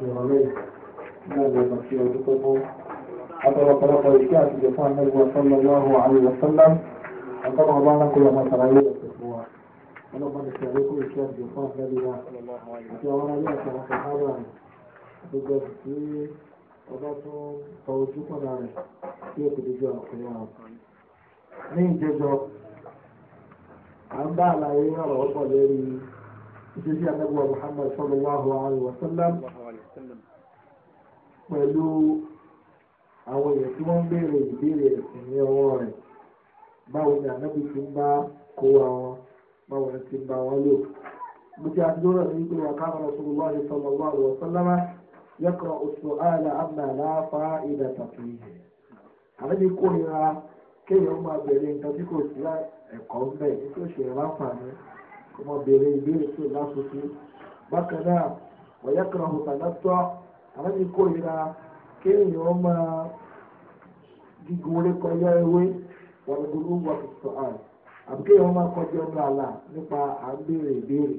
àti ìrọ̀lẹ́ náà lọ sí ọdún tó tó àtọ̀rọ̀pọ̀lọpọ̀ ìṣẹ́ àti ìjọba àmẹ́gbọ́n sọ́lọ́ lọ́rùn àríwọ̀ sọ́lá àtọ́nà ọba alákòlọ́ máa tàrà yóò lọ́sẹ̀ fún wa ọlọ́pàá ti ṣàlẹ́ kó ìṣẹ́ àti ìjọba àmẹ́gbọ́n àti àwọn ará yóò sọ̀rọ̀ fún hábà rẹ̀ gbogbo tí ọba tó tọ ojú pọ̀nà rẹ̀ tí ó ti dojú àkùnrin àwọn ní ìjẹjọ à ń bá àlàyé ọ̀rọ̀ ọ̀pọ̀ lórí ìṣesí àmẹ́gbọ́n Muhammad sallallahu alaihi wa sallam pẹ̀lú àwọn èèyàn tí wọ́n ń béèrè ìbéèrè ẹ̀sìn ní ọwọ́ rẹ̀ báwo ni ànábì ti ń bá kó àwọn báwo ni ti ń bá wọn lò. mo ti àdúrà ní pé wà káàmù ọ̀sọ̀rọ̀ wà ní sọ̀rọ̀ wà lọ sọ́lámà yẹ́kọ̀ oṣù àlà àmà láàfà ìdà tàbí ìyẹ̀. ànábì kórìíra kéèyàn máa bẹ̀rẹ̀ nǹkan tí kò sí ẹ̀kọ́ ń nítorí àwọn ti kórìíra kéèyàn máa gígun orí kọjá ewé wàlúgbòrò wà tuntun àn àbí kéèyàn máa kọjá ọmọ àlà nípa à ń béèrè ìbéèrè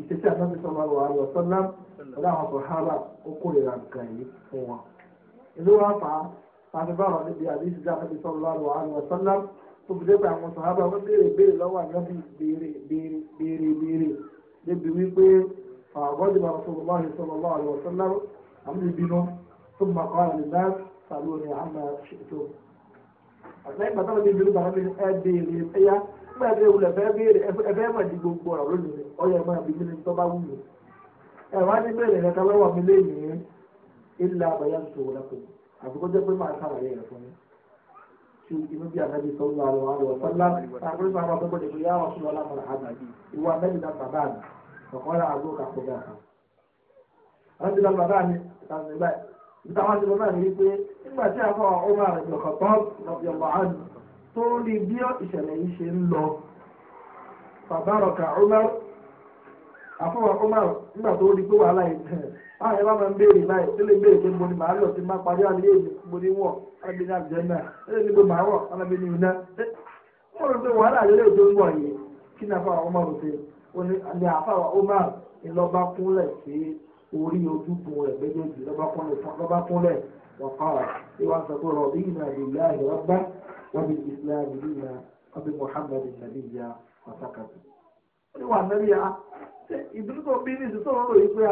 ìṣesí àtàkùn sọlá wà á lọ sọlá ọlá àwọn sọhálà ó kórìíra nǹkan yìí fún wọn. ìlú wa fà á pàṣẹ báwọn níbi àdéhùn sí àtàkùn sọlá wà á lọ tó fi dé pé àwọn sọhábà فغضب رسول الله صلى الله عليه وسلم عمرو بن ثم قال للناس سألوني عما شئتم àtẹ́yìn bàtà mi bínú bàtà mi ẹ béèrè ẹyà nígbà tí ewu lẹ fẹ́ béèrè ẹ fẹ́ mọ̀ ní gbogbo ọ̀rọ̀ lónìí ọyọ ẹ̀mọ́ àbí mímí tó bá wù mí. ẹ wá ní béèrè rẹ káwé wà mí léyìn ilà àbáyá tó wọlé kù àbúkọ jẹ pé máa sàlàyé rẹ fún mi. tí inú bí ànábi sọ wà lọ àlọ sọlá àbúrò sọ àwọn akẹ́kọ̀ọ́ ọ̀kọ́lá àbúrò kàkó bẹ́ẹ̀ kan. wọ́n ti lọ bàbá mi ìtàkùn ìgbà níta wọn ti lọ bàbá mi rí pé nígbà tí àwọn ọmọ rẹ̀ ti ọ̀kọ̀ tán lọ́bì ọmọ àdùn tó rí bí ìṣẹ̀lẹ̀ yìí ṣe ń lọ. bàbá rọ̀ kà ọmọ àfọwọ́ ọmọ nígbà tó rí pé wàhálà yìí bẹ̀rẹ̀ báyìí bá máa ń béèrè báyìí tó lè béèrè pé mo ní màá lọ sí máa parí ní àfàwà Umar ńlọba kúnlẹ̀ sí orí ojúkun rẹ̀ méjèèjì lọ́ba kúnlẹ̀ wàkàrà ìwà sọ̀tọ̀ rọ̀bì ìnàdìlá ìrọ̀bá wọ́n bí Islam ìlú ọbí Muhammad nàbíyà pàtàkì. ó ní wà nẹ́bí ya ìdúró tó bí ní ìsìtò ọ̀rọ̀ yìí pé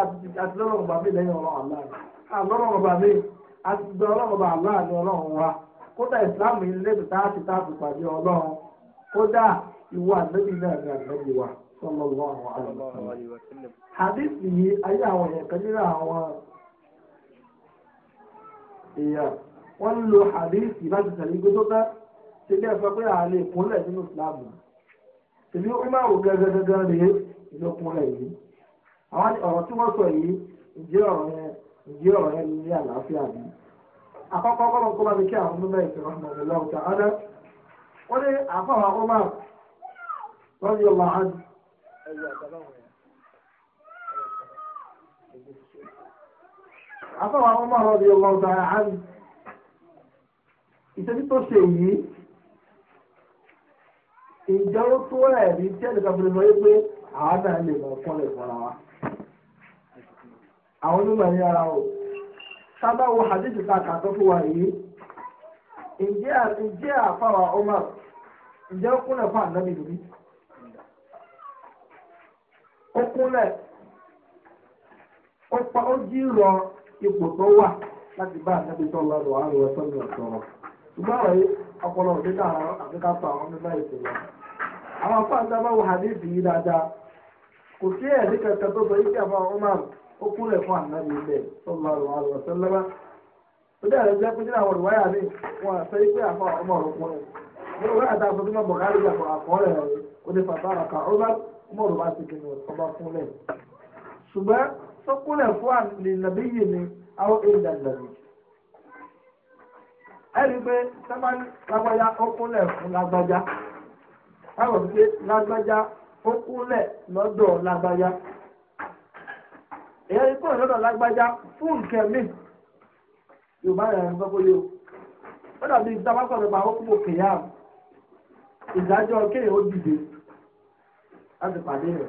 àti lọ́rọ̀ ọba mi lẹ́yìn ọ̀rọ̀ àlá ni àlọ́rọ̀ ọba mi àti gbọ́ ọba àlá ni ọlọ́run wa kódà ìsìlámù ilé mi táàtì pàdé ọlọ́run kódà ìwà nẹ́bí náà ni àgbẹ̀bí sallallahu alaihi wa sallam hadith yìí ayé àwọn èèyàn kan nínú àwọn èèyàn wọ́n ń lo hadith yìí láti tẹ̀lé igbó tó tẹ́ ṣe bí ẹ sọ pé àlè ìkúnlẹ̀ nínú islam ṣèlú umaru gẹ́gẹ́gẹ́gẹ́ rèé ìlókùnlẹ̀ yìí àwọn ọ̀rọ̀ tí wọ́n sọ yìí ǹjẹ́ ọ̀rọ̀ yẹn ǹjẹ́ ọ̀rọ̀ yẹn ní àlàáfíà bí àkọ́kọ́ kọ́lọ̀ kó bá mi kí àwọn mímọ́ ìfẹ́ ọ̀hún ọ̀hún lọ́wọ́ wọ́n ní àfọwọ́ ọmọ rọ́bì afọwọ́ ọmọ ọmọ ọ̀dọ̀ àánú ìṣẹ́jú tó ṣe yìí ìjọ ó tó ẹ̀rí tí ẹnìkan fi lọ wípé àwọn náà lè kọ́lẹ̀ wa àwọn onímọ̀ ní ara sábà wo ta kàtọ́ fún Umar ó kúnlẹ̀ ó pa ó jírọ ipò tó wà láti bá àtẹ́bí lọ́dọ̀ wà lọ́wọ́ ní ọ̀sọ̀rọ̀ ṣùgbọ́n àwọn ọpọlọ òdíkà àfikà tó àwọn mẹ́fà ètò lọ. àwọn afáàgbà bá wọ hadithi yìí dáadáa kò sí ẹ̀rí kankan tó sọ ike àbá Umar ó kúnlẹ̀ fún ànábi ilẹ̀ tó lọ́dọ̀ wà lọ́wọ́ tó lọ́wọ́. ó dẹ́ ẹ̀rọ jẹ́ pé nínú ike ọmọ ọ̀rọ̀ kúnlẹ̀. mo mọ̀rọ̀ bá ti kẹ́ni ọba fúnlẹ̀ ṣùgbọ́n sọ́kúnlẹ̀ fún àlìnàbí yìí ni àwọn èèyàn lẹ́nu ẹni pé sábà lágbájá ó kúnlẹ̀ fún lágbájá báwo pé lágbájá ó kúnlẹ̀ lọ́dọ̀ lágbájá èyí kúrò lọ́dọ̀ lágbájá fún nǹkan mi yorùbá rẹ̀ ń gbọ́gbó yóò ó dàbí ìdábàkọ̀ nípa ó kúbò kéyà ìdájọ́ kéèyàn ó dìde láti pàdé rẹ̀.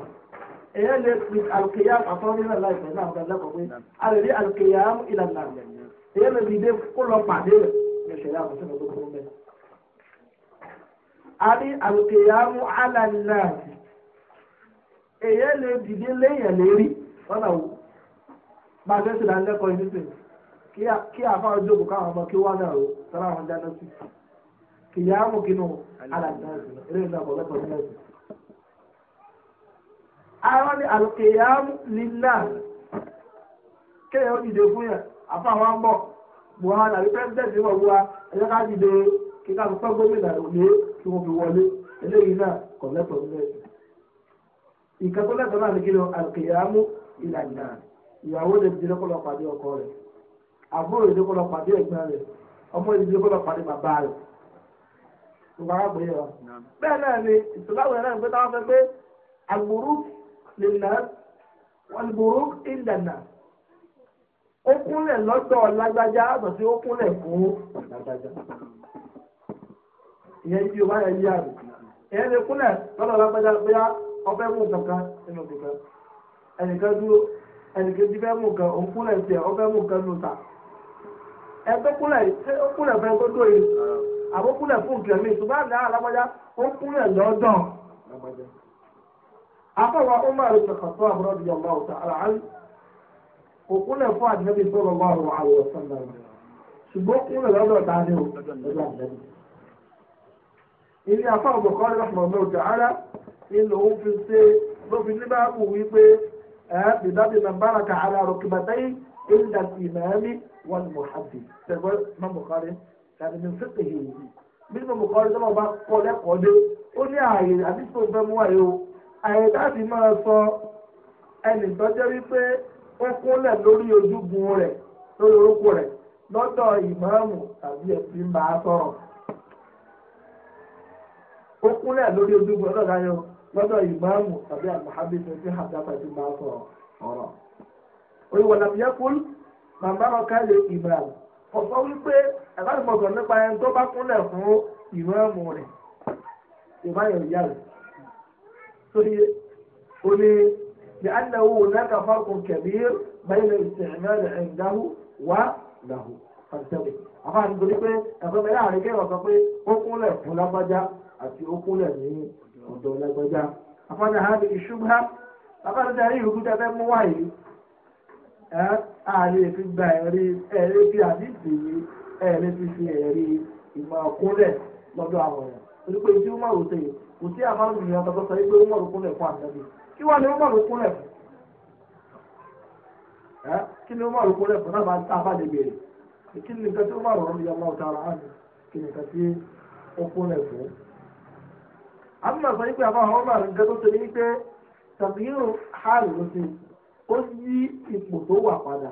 èèyàn lè fi àlùkìyà àtọ́rí náà láìpẹ́ náà ọ̀gá lẹ́kọ̀ọ́ pé a lè rí àlùkìyà ìlànà èèyàn lè dìde kó lọ pàdé rẹ̀ ní ìṣẹ̀lẹ̀ àkọsílẹ̀ tó kúrú mẹ́ta. a rí àlùkìyà alànà èèyàn lè dìde léèyàn lérí lọ́nà wò bá a fẹ́ sílẹ̀ alẹ́kọ̀ọ́ yìí nísìnyí kí àfa ojú òkú káwọn ọmọ kí wọ́n náà rò àwọn dáná sí kìyàmù kínú alànà eré ìlànà àwọn ní alùkèyàmù lílà kéèyàn dìde fún yẹn àfa àwọn ń bọ̀ buhari àbí pẹ́sidẹ̀ntì wọ̀ wá ẹ̀yọ́ ká dìde kí ká fi pẹ́ gómìnà òní kí wọ́n fi wọlé eléyìí náà kò lẹ́tọ̀ọ́ nílẹ̀ ìkẹ́kọ̀ọ́ lẹ́tọ̀ọ́ náà ní kí ni alùkèyàmù ìlànà ìyàwó lè dìde kó lọ pàdé ọkọ rẹ̀ àbúrò lè dìde kó lọ pàdé ẹ̀gbọ́n rẹ̀ ọmọ lè dìde kó lọ pàdé bàbá rẹ̀ ìwà àgbẹ̀yẹ̀ wa bẹ́ẹ̀ náà ni lilnas walburuk indana ó kúnlẹ̀ lọ́dọ̀ lágbájá àbọ̀ sí ó kúnlẹ̀ fún lágbájá ìyẹn ibi ò bá yẹ yí àrùn ìyẹn lè kúnlẹ̀ lọ́dọ̀ lágbájá bóyá ọfẹ́ mú kankan nínú kankan ẹnìkan dúró ẹnìkan ti fẹ́ mú kan òun kúnlẹ̀ tiẹ̀ ọfẹ́ mú kan nù o ẹgbẹ́ kúnlẹ̀ ó kúnlẹ̀ fẹ́ tó dóye àbó kúnlẹ̀ fún kẹ̀mí ṣùgbọ́n àná alágbájá ó kúnlẹ̀ lọ́dọ̀ lágbájá afọwọ́ Umar ibn Khattab radiyallahu ta'ala anhu òkúnlẹ̀ fún àdínábì sallallahu alaihi wasallam ṣùgbọ́n kúnlẹ̀ lọ́dọ̀ dání o lọ́dọ̀ àdínábì. ilé afọwọ́ Bukhari rahimahullahu ta'ala ilé òun fi ṣe ló fi ní báàbù wípé bidabi man baraka ala rukbatayhi inda al-imami wal muhaddi tẹ̀gbọ́ mọ́ Bukhari tàbí min fiqhihi bí mọ́ Bukhari tó lọ́ bá kọ́ lẹ́kọ̀ọ́ dé ó ní ààyè àdìsí tó fẹ́ mú àyè o àyè láti máa sọ ẹnì tó jẹ́ wípé ó kúnlẹ̀ lórí ojúgun rẹ̀ lórí orúkọ rẹ̀ lọ́dọ̀ ìmáàmù tàbí ẹ̀sìn ń bá a sọ̀rọ̀ ó kúnlẹ̀ lórí ojúgun lọ́dọ̀ dáyọ̀ lọ́dọ̀ ìmáàmù tàbí àmàhábí tó ti hàdá tàbí ń bá a sọ̀rọ̀ ọ̀rọ̀ oríwọ̀n làbíyẹ́kùn màmá ọ̀ká lè ìmáàmù ọ̀sọ́ wípé ẹ̀bá ìmọ̀gàn nípa ẹni tó bá kúnlẹ̀ fún ìmáàmù rẹ̀ ìmáàmù yàrá sórí ó ní ní anáwó náà fáwọn kẹ̀míír bẹ́ẹ̀ ìsìnkú ẹ̀ńdáhù wá làhù fàtẹ́wì. àbá nítorí pé ẹ̀fọ́ mi láàrin kí wọ́n sọ pé ó kúnlẹ̀ fún lágbájá àti ó kúnlẹ̀ ní ọ̀dọ̀ lágbájá. àfọ̀nà ha ni ìṣubha bàbá mi darí ìrùkú tẹ́ fẹ́ mú wáyé ẹ̀ àlè fi gba ẹ̀rí ẹ̀rí fi àdìsí yìí ẹ̀rí fi fi ẹ̀rí ìmọ̀ ọ̀kúnlẹ̀ lọ́dọ̀ àwọn ọ̀rẹ́ kò sí àmàlù ìyá ọ̀tọ̀ tó sọ pé ó mọ̀rún kúnlẹ̀ fún àtẹ̀lẹ́ kí wọ́n ní ó mọ̀rún kúnlẹ̀ fún ni ó mọ̀rún kúnlẹ̀ fún náà tá a bá lè béèrè kí ni nǹkan tí ó mọ̀rún ọ̀rọ̀ ìyàmọ̀ ọ̀tá ara hàn kí ni nǹkan tí ó kúnlẹ̀ fún. àmì sọ yí àbá àwọn ọmọ nǹkan tó ṣe ní pé tàbíyàn ló ṣe ó yí ipò tó wà padà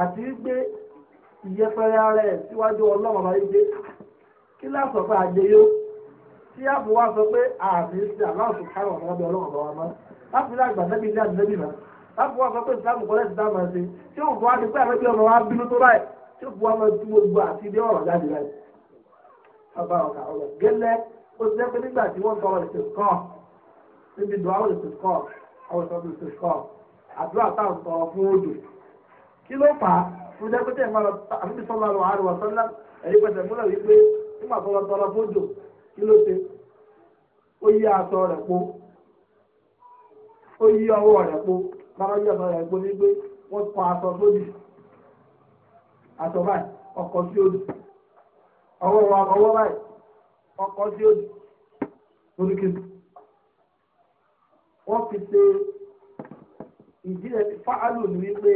àti wípé ìyẹpẹrẹ ara síwájú tí àbò wa sọ pé àmì sí aláàfin kárọ̀ ọ̀rọ̀ ọ̀dọ̀ ọlọ́run ọ̀rọ̀ ọmọ láti ní àgbà nẹ́bí ní àdínẹ́bí náà láti wọ́n sọ pé ìsìlámù kọ́lẹ́ ti dáhùn ẹ̀sìn tí òun fún wa ti pé àbẹ́bí ọmọ wa bínú tó báyìí tí òun fún wa máa tú gbogbo àti ilé ọ̀rọ̀ jáde láì. bàbá ọ̀kà ọ̀rọ̀ gẹ́lẹ́ ó ti jẹ́ pé nígbà tí wọ́n tọrọ ìṣèkọ́ níbi ìdùn àwọn ìṣèkọ́ àwọn ìṣọ́bù ìṣèkọ́ àdúrà táwọn tọrọ oyi yí rẹ rẹ̀ po ó yí ọwọ́ rẹ̀ po lára yí aṣọ wọ́n kọ aṣọ sódì aṣọ báyìí ọkọ̀ sí òdì ọwọ́ wa ọwọ́ báyìí ọkọ̀ sí òdì oríkìlì wọ́n fi ṣe fáálù ní wípé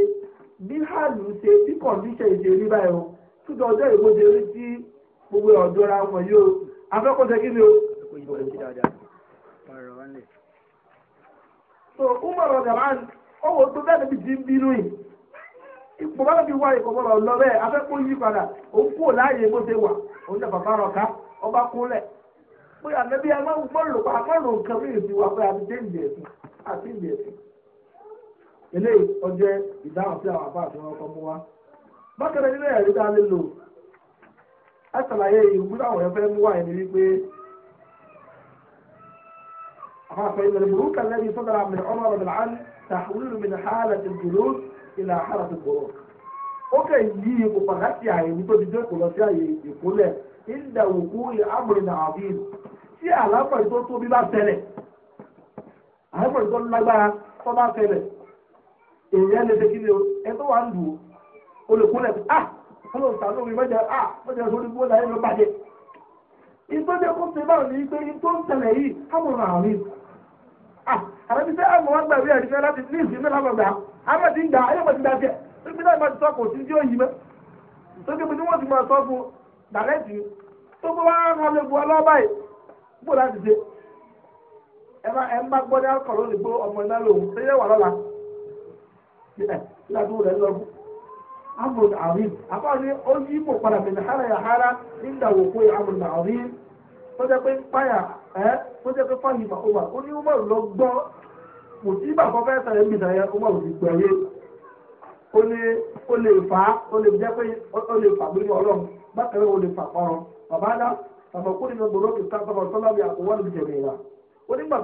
bí hàlù ṣe bí kọ̀ǹdíṣẹ̀ ìṣe rí báyìí o ìwọ́de rí sí gbogbo ọ̀dọ́ra o. so umar ọ̀dàmán ó wò tó bẹ́ẹ̀ níbi tí ń bínú yìí ipò bá fi wá ìkọ̀ bọ̀rọ̀ lọ bẹ́ẹ̀ afẹ́kọ̀ọ́ yí padà òun kúrò láàyè bó ṣe wà òun náà bàbá rọ̀ ká a a فإن البروك الذي صدر من عمر بن عن تحويل من حالة الجلوس إلى حالة البروك ókè yìí kò pàtàkì àyèmí tó ti dẹ́kun lọ sí àyè ìkólẹ̀ ìdá òkú amúrinà àbíyìn tí àlápàdé tó tóbi bá tẹ̀lẹ̀ àlápàdé tó lágbára tó bá tẹ̀lẹ̀ èèyàn lè ṣe kí ni o ẹ tó wà ń lù ó o lè kólẹ̀ à ó lè sàánú mi mẹ́jẹ à mẹ́jẹ sórí bó láyé ló bàjẹ́ ìtọ́jẹ́ kó ṣe báwọn ní pé ìtọ́ ń tẹ̀lẹ̀ yìí amúrinà àbíyìn àrẹ́bí ah, sẹ́ àwọn ọmọ gbàgbé ẹ̀rí fẹ́ láti ní ìsinmi ahụ. gbà àmọ́ ti ń gbà ayé pẹ̀lú gbàgbé pípẹ́ náà máa ti sọ sí tí ó yí mẹ́ pé wọ́n ti máa dàrẹ́tì tó bá wàá rán bu ọlọ́ọ̀bá yìí gbò láti ṣe ẹ má ẹ má gbọ́ ní akọ̀ lónìí gbó ọmọ iná lòun ṣé yẹ wà lọ́la ẹ ládùúgbò ẹ tó jẹ́ pé fáyì ìgbà ó wà ó ní lọ gbọ́ kò sí bàbá fẹ́ sàrẹ́ ń bìtà yẹn Umaru ti gbẹ̀ ó lè ó lè fà á ó lè jẹ́ pé ó lè fà gbé ọlọ́run bákan ó lè fà pọ́nrọ́ bàbá dá bàbá kúrò nínú gbòòrò bí àkówá jẹ̀ ó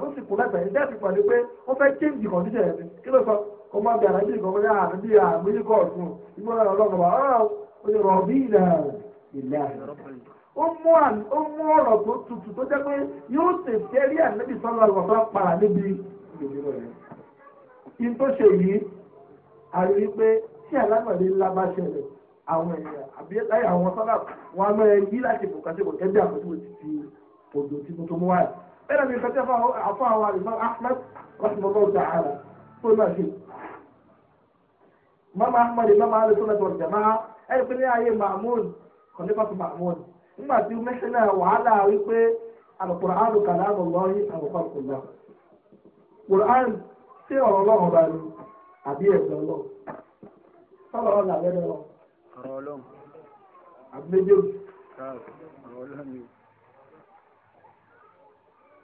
tó sì lẹ́sẹ̀ pàdé pé fẹ́ ó mú ọ̀rọ̀ tó tutù tó jẹ́ pé yóò ṣe tẹ́rí ànábì sọ́lá ọ̀sán pa níbi ìgbèlérò rẹ̀. kí n tó ṣe yìí a rí i pé tí alágbàdé ńlá bá ṣẹlẹ̀ àwọn èèyàn àbí láyé àwọn sọ́lá wọn máa yí láti bùkà sí bùkà bí àkókò ti fi òjò tí mo tó mú wáyà. bẹ́ẹ̀ ni ìkàtí àfọ àwọn àlùfáà Ahmed rahimahullah ta'ala tó náà ṣe. mama Ahmed mama alẹ́ sọ́lá tó jẹ̀ máa ẹ̀ pé ní ayé nígbà tí mẹ́sẹ̀lá wàhálà wípé alukùránù kàlámù lọ́yìn àbùkọ́kùnlá kùránù ṣé ọ̀rọ̀ ọlọ́run bá ní àbí ẹ̀gbọ́n lọ sọ̀rọ̀ ọ̀rọ̀ làbẹ́rẹ́ lọ. ọ̀rọ̀ ọlọ́run. àbúlẹ́jọ́. ọ̀rọ̀ ọlọ́run ni.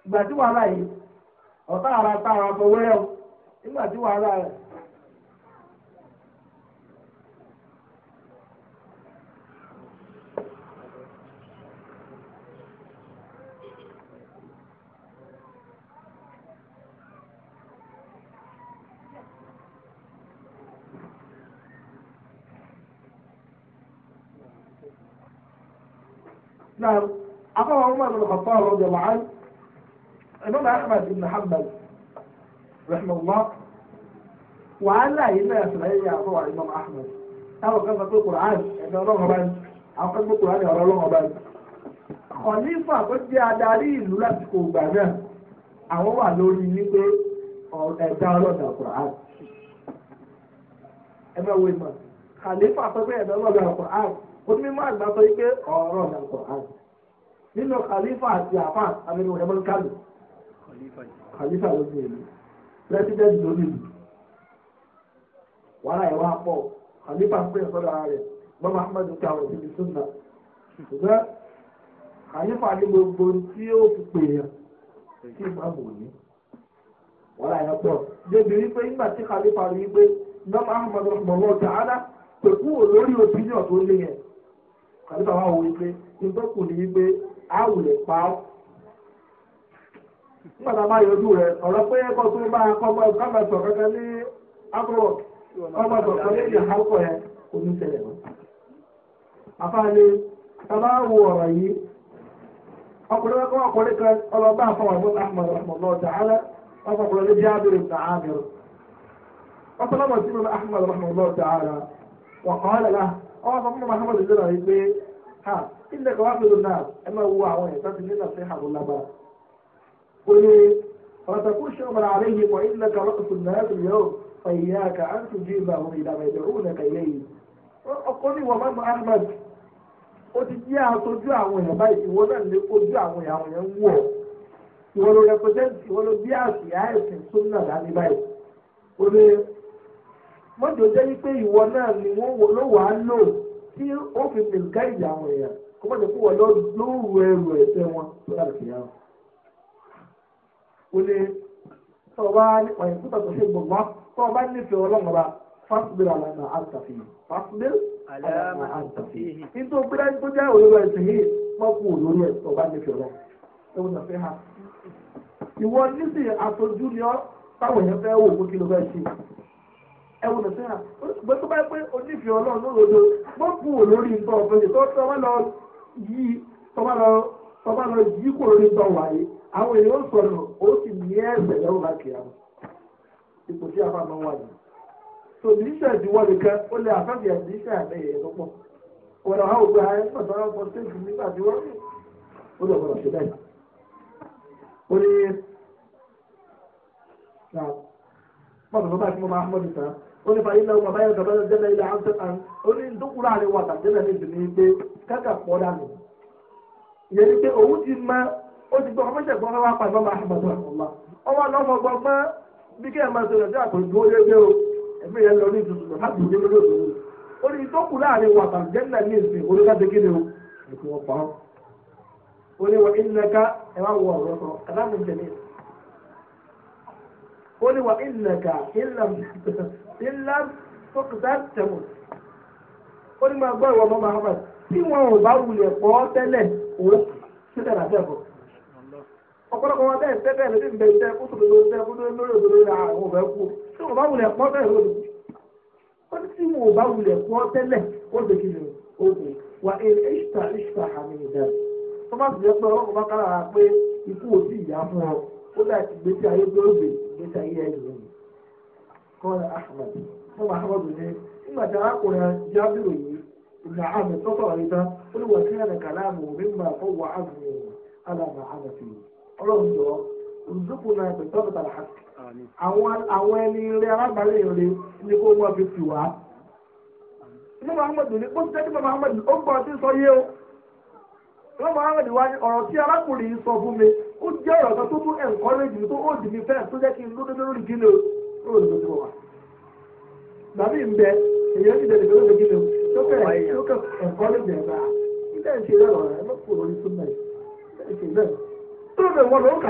ìgbà tí wàhálà yìí ọ̀tá ara tá ara o nígbà tí wàhálà rẹ̀ náà afọwọ́ ọmọ àgbẹ̀ lọ́kọ̀tọ́ ọ̀rọ̀ ọ̀dọ̀ wàá ẹ̀mọ́ náà Ahmad ibn Hanbal rahimahullah wàhálà yìí náà sọ̀rọ̀ yìí àfọwọ́ àgbẹ̀ mọ́ Ahmad táwọn kan sọ pé Qur'an ẹ̀dọ̀ ọlọ́run ọba ni àwọn kan sọ pé Qur'an ọ̀rọ̀ ọlọ́run ọba ni. Khalifa tó jẹ́ adarí ìlú láti kó gbà náà àwọn wà lórí wípé ẹ̀dá ọlọ́dà Qur'an ẹ bá wo ìmọ̀ Khalifa tó jẹ́ ẹ̀dá ọlọ́dà Qur'an onímọ̀ àgbà sọ wípé ọ̀rọ̀ ni Al-Qur'an nínú khalifa àti àfà amínú rẹ̀ mọ́n khalifa ló ti president ló ìlú wàhálà ìwà pọ̀ khalifa ń pè ara rẹ̀ mọ́ Muhammad káwọn sí ní sunna ṣùgbọ́n khalifa ní gbogbo tí ó fi pè yàn tí ìmọ̀ àmọ̀ òní wàhálà ìwà pọ̀ débi wípé nígbà tí khalifa rí wípé nọ́mà Muhammad rahmanullah ta'ala kò lórí opinion tó yẹn. àbí bàbá wò wípé nígbà kù ní wípé àwù pa ọ́ nígbà tá a bá yọjú rẹ ọ̀rọ̀ pé ẹ̀kọ́ tó bá a kọ́ kábàá sọ kankan ní ápọ̀rọ̀ sọ kankan ní yẹn wo ọ̀rọ̀ yìí ọkùnrin ọkùnrin kan àfọwọ́ ọwọ́ sọ fún Muhammad ìjọba yìí ha ilẹ̀ kan wá pẹ̀lú náà ẹ máa wo àwọn ẹ̀sán ti nílò sí àbò lágbára. ó ní ọ̀rọ̀tàkù ṣọ́ọ̀bà àárẹ̀ yìí wọ̀ ilẹ̀ kan wọ́pẹ̀ fún náà tó yẹ ọ́ ka á tún jí ìgbà àwọn ìdàmà ìdàrú nà kàyé yìí. ọkọ ní ìwọ mọ́mọ́ Ahmad ó ti jẹ́ aṣojú àwọn èèyàn báyìí ìwọ náà lè kojú àwọn èèyàn wù ìwọ ló ìwọ ló bí báyìí. ó mọ́jọ jẹ́ wípé ìwọ náà ni wọ́n wo ló wàá lò tí ó fi nìkan ìyà àwọn èèyàn kó mọ̀jọ kó wọ́n lóru ẹrù ẹ̀ṣẹ̀ wọn tó dára kìí hàn. o lè tọ́ ọ bá nípa ìkúta tó ṣe gbọ̀ngbọ́n tọ́ ọ bá nífẹ̀ẹ́ ọlọ́run ọba fásitì àlànà àtàfẹ́ fásitì àlànà àtàfẹ́ nítorí pé láti tó jẹ́ òyìnbó ẹ̀sìn yìí wọ́n kú òlórí ẹ̀ tọ́ ọ bá nífẹ̀ẹ́ ọlọ́run ẹ̀ wọ́n nà fẹ́ ìwọ nísìnyí àtọ́jú ni ọ́ táwọn èèyàn fẹ́ wò ó kí ló fẹ́ ṣe ẹ wò lọ sẹ́ra bó tó bá pé onífìẹ́ ọlọ́run ló rodo bó bù wò lórí nǹkan ọ̀fẹ́ yìí tó tọ́ bá lọ yí tọ́ bá lọ tọ́ bá lọ yí kò lórí nǹkan wáyé àwọn èèyàn ó sọ̀rọ̀ ó sì ní ẹ̀sẹ̀ lẹ́wọ̀n bá kì í àwọn ipò tí a fà máa wà yìí so níṣẹ́ ìdíwọ́ nìkan ó lè àfẹ́fì àdíṣẹ́ àbẹ̀yẹ tó pọ̀ ọ̀rọ̀ àwọn òpin ààrẹ pàtó àwọn ọmọ stéèkì nígbà tí wọ́n rí ó lọ bọ̀rọ̀ sí ó ní fàyín lẹ́wọ̀n bàbá yẹn bàbá yẹn jẹ́lẹ̀ ilẹ̀ àwọn tẹ̀sán ó ní ìdókòrò àrẹ wà tàjẹ́lẹ̀ ní ìdùnnú pé kẹ́kẹ́ pọ̀ dànù ìyẹn ni pé òun ti mọ ó ti gbọ́ ọmọ ìṣẹ̀gbọ́n wa pa ìmọ̀ ahmed ọ̀la ọwọ́ lọ́mọ gbọ́gbọ́n bí kí ẹ máa sọ̀rọ̀ sí àpòjú ó lé lé o ẹ̀mí yẹn lọ ní ìtùtù láti ìdókòrò ó ní wà ìlẹ̀kà ìlàm tókùtà tẹ̀wò ó ní máa gbọ́ ìwọ ọmọ Muhammad tí wọn ò bá wulẹ̀ pọ̀ tẹ́lẹ̀ ó ṣe tẹ̀lé àtẹ̀kọ̀ ọ̀pọ̀lọpọ̀ wọn bẹ́ẹ̀ tẹ́tẹ́ lórí ìgbẹ́ iṣẹ́ kó tó lórí iṣẹ́ kó lórí lórí òdòdó ra àwọn òbẹ̀ kú tí wọn bá wulẹ̀ pọ̀ tẹ́lẹ̀ lórí ó ní tí wọn ò bá wulẹ̀ pọ̀ tẹ́lẹ̀ ó lè kí ni ó kù wà àmì ìdáná tó má sì jẹ́ pé ọlọ́kùnrin ìgbésí ayé ẹ̀ lòun kọ́lá ahmed fún ahmed ní nígbà tí arákùnrin jábìrò yìí ìgbà àmì tọ́tọ̀ àríta ó ní wọ́n kíyàn kàlámù mímọ́ àfọwọ́ àbùrù alàmà àmàfì ọlọ́run jọ òzùkú náà pẹ̀lú tọ́kítà làásì àwọn ẹni rẹ alágbàlẹ̀ rẹ ní kó wọ́n fi tì wá. Mọ́mọ́ Ahmed ní ó ti Ahmed ó gbọ́ sọ yé ó jẹ́ ọ̀rọ̀ kan tó tún encourage mi tó ó dì mí fẹ́ẹ̀ tó jẹ́ kí n ló dédé lórí kíni o lórí lójú wa. Bàbí ń bẹ èyí ti dẹ̀ lórí o tó tó kẹ́ encourage ẹ̀ bá ilé lọ́rọ̀ ló kúrò ní súnmọ́ ẹ̀ tó lè wọ́n tó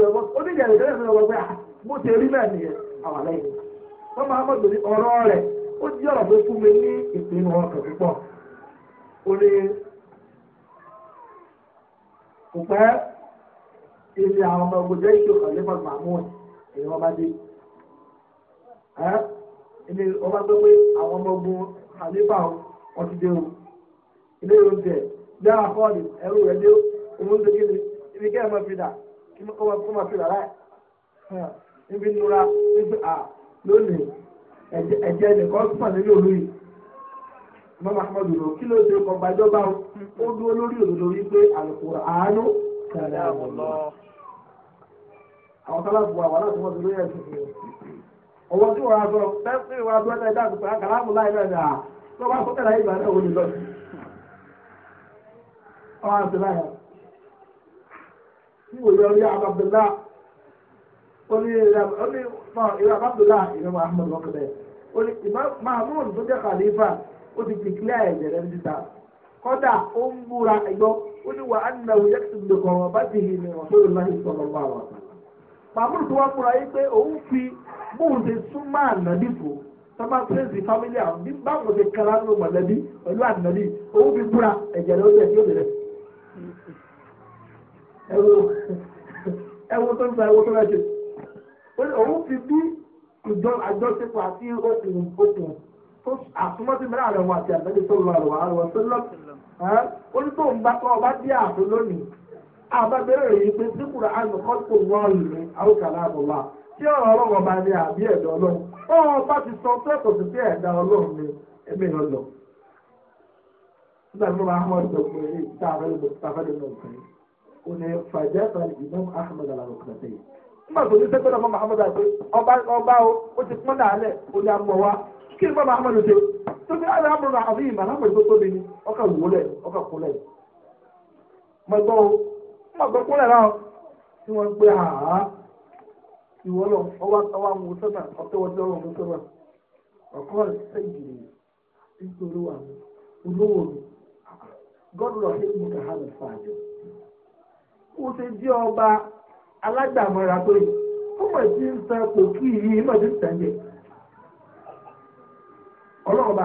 yẹ wọ́n ó ní ti rí nìyẹn àwọn yìí wọ́n máa mọ̀ ọ̀rọ̀ rẹ̀ ó jẹ́ ọ̀rọ̀ tó fún mi ní ìpinnu ọkàn púpọ̀ ní kò pẹ́ ibi àwọn ọmọ ogun jẹ́ ìṣó kàlífà mahmood èyí wọ́n bá dé. ẹni wọ́n bá gbé pé àwọn ọmọ ogun kàlífà wọn ti dé o ilé yóò jẹ bí àwọn afọ́ọ̀lì ẹrú rẹ̀ dé òun ṣe kíni ibi kẹ́ ẹ̀ máa fi dà kí wọ́n máa fi dà láì níbi nura níbi à lónìí ẹ̀jẹ̀ nìkan sùpà nílé òru yìí mọ́mọ́ ahmed ló kí ló ṣe kọ́ gbàjọba ó dúró lórí òdodo wípé àlùkò àánú kàlẹ́ àwòlọ́ọ̀ àwọn sálábù àwọn aláàtú wọn ti lóyè ẹsùn fún un ọwọ́ tí wọ́n á sọ pẹ́ẹ́pẹ́ wọn á sọ ẹ̀dá àgùntàn àkàlámù láì náà dà tó bá sọ tẹ̀lé ayé ìgbà náà wò ní lọ sí ọ̀hún àti láyà tí wòye ọ̀rí àbàbìlá oní oní ìrọ̀ àbàbìlá ìrọ̀ Muhammad lọ́kọ̀dẹ̀ oní ìmọ̀ Mahmoud tó jẹ́ kàlífà ó ti dìkílẹ̀ ẹ̀jẹ̀ rẹ̀ níta kọ́dà ó ń múra ẹ̀yọ́ ó ní wà á nà wọ́n yẹ́ màmúlù tó wá múra yìí pé òun fi bóun ṣe súnmọ́ ànábì fò tọ́ba tẹ́sí fámílì àwọn bí báwo ṣe kara ló mọ̀lẹ́bí pẹ̀lú ànábì òun fi múra ẹ̀jẹ̀ ló bẹ̀ tí ó bẹ̀rẹ̀. ẹwo tó ń sọ ẹwo tó rẹ̀ ṣe òun fi bí àjọṣepọ̀ àti okùn okùn tó àtúmọ̀tí mìíràn àrẹ̀wọ̀ àti àtẹ́lẹ́sọ̀rọ̀ àrẹ̀wọ̀ àrẹ̀wọ̀ sọ́lọ́ àbábẹ́rẹ́ rẹ̀ yìí pé síkùrà àánú kọ́tò wọ́n lè àwòkàlà àbọ̀là tí ọ̀rọ̀ ọlọ́run ọba ní àbí ẹ̀dá ọlọ́run ọ̀rọ̀ bá ti sọ pé kò sí sí ẹ̀dá ọlọ́run ní ẹ̀mí ọlọ́ nígbà tí wọ́n ahmed sọ pé tá a fẹ́ lè tá a fẹ́ lè nà ọ̀sán kò ní fàjẹ́ sàlì ìmọ̀ ahmed alárùkàtẹ́ yìí nígbà tó ní sẹ́gbẹ́dọ̀ mọ́ ti pọ́n dàálẹ̀ kí ni mọ́ ahmed ṣe tó ní alámọ̀ràn àbí ìmọ̀ alámọ̀ràn tó ni ọkà wọlé ọkà kọlẹ̀ mọ́gbọ́n ọ̀sọ̀kúnlẹ̀ náà tí wọ́n ń pè àá ìwọ lọ ọwọ́ àtọwọ́ àwọn sọ́nà ọ̀tọ́wọ́ tí wọ́n mú sọ́nà ọ̀kọ́ nítorí wà ní olówó ó ṣe ọba alágbàmọ́ra pé ń sọ kí mọ̀ ọlọ́ọ̀ba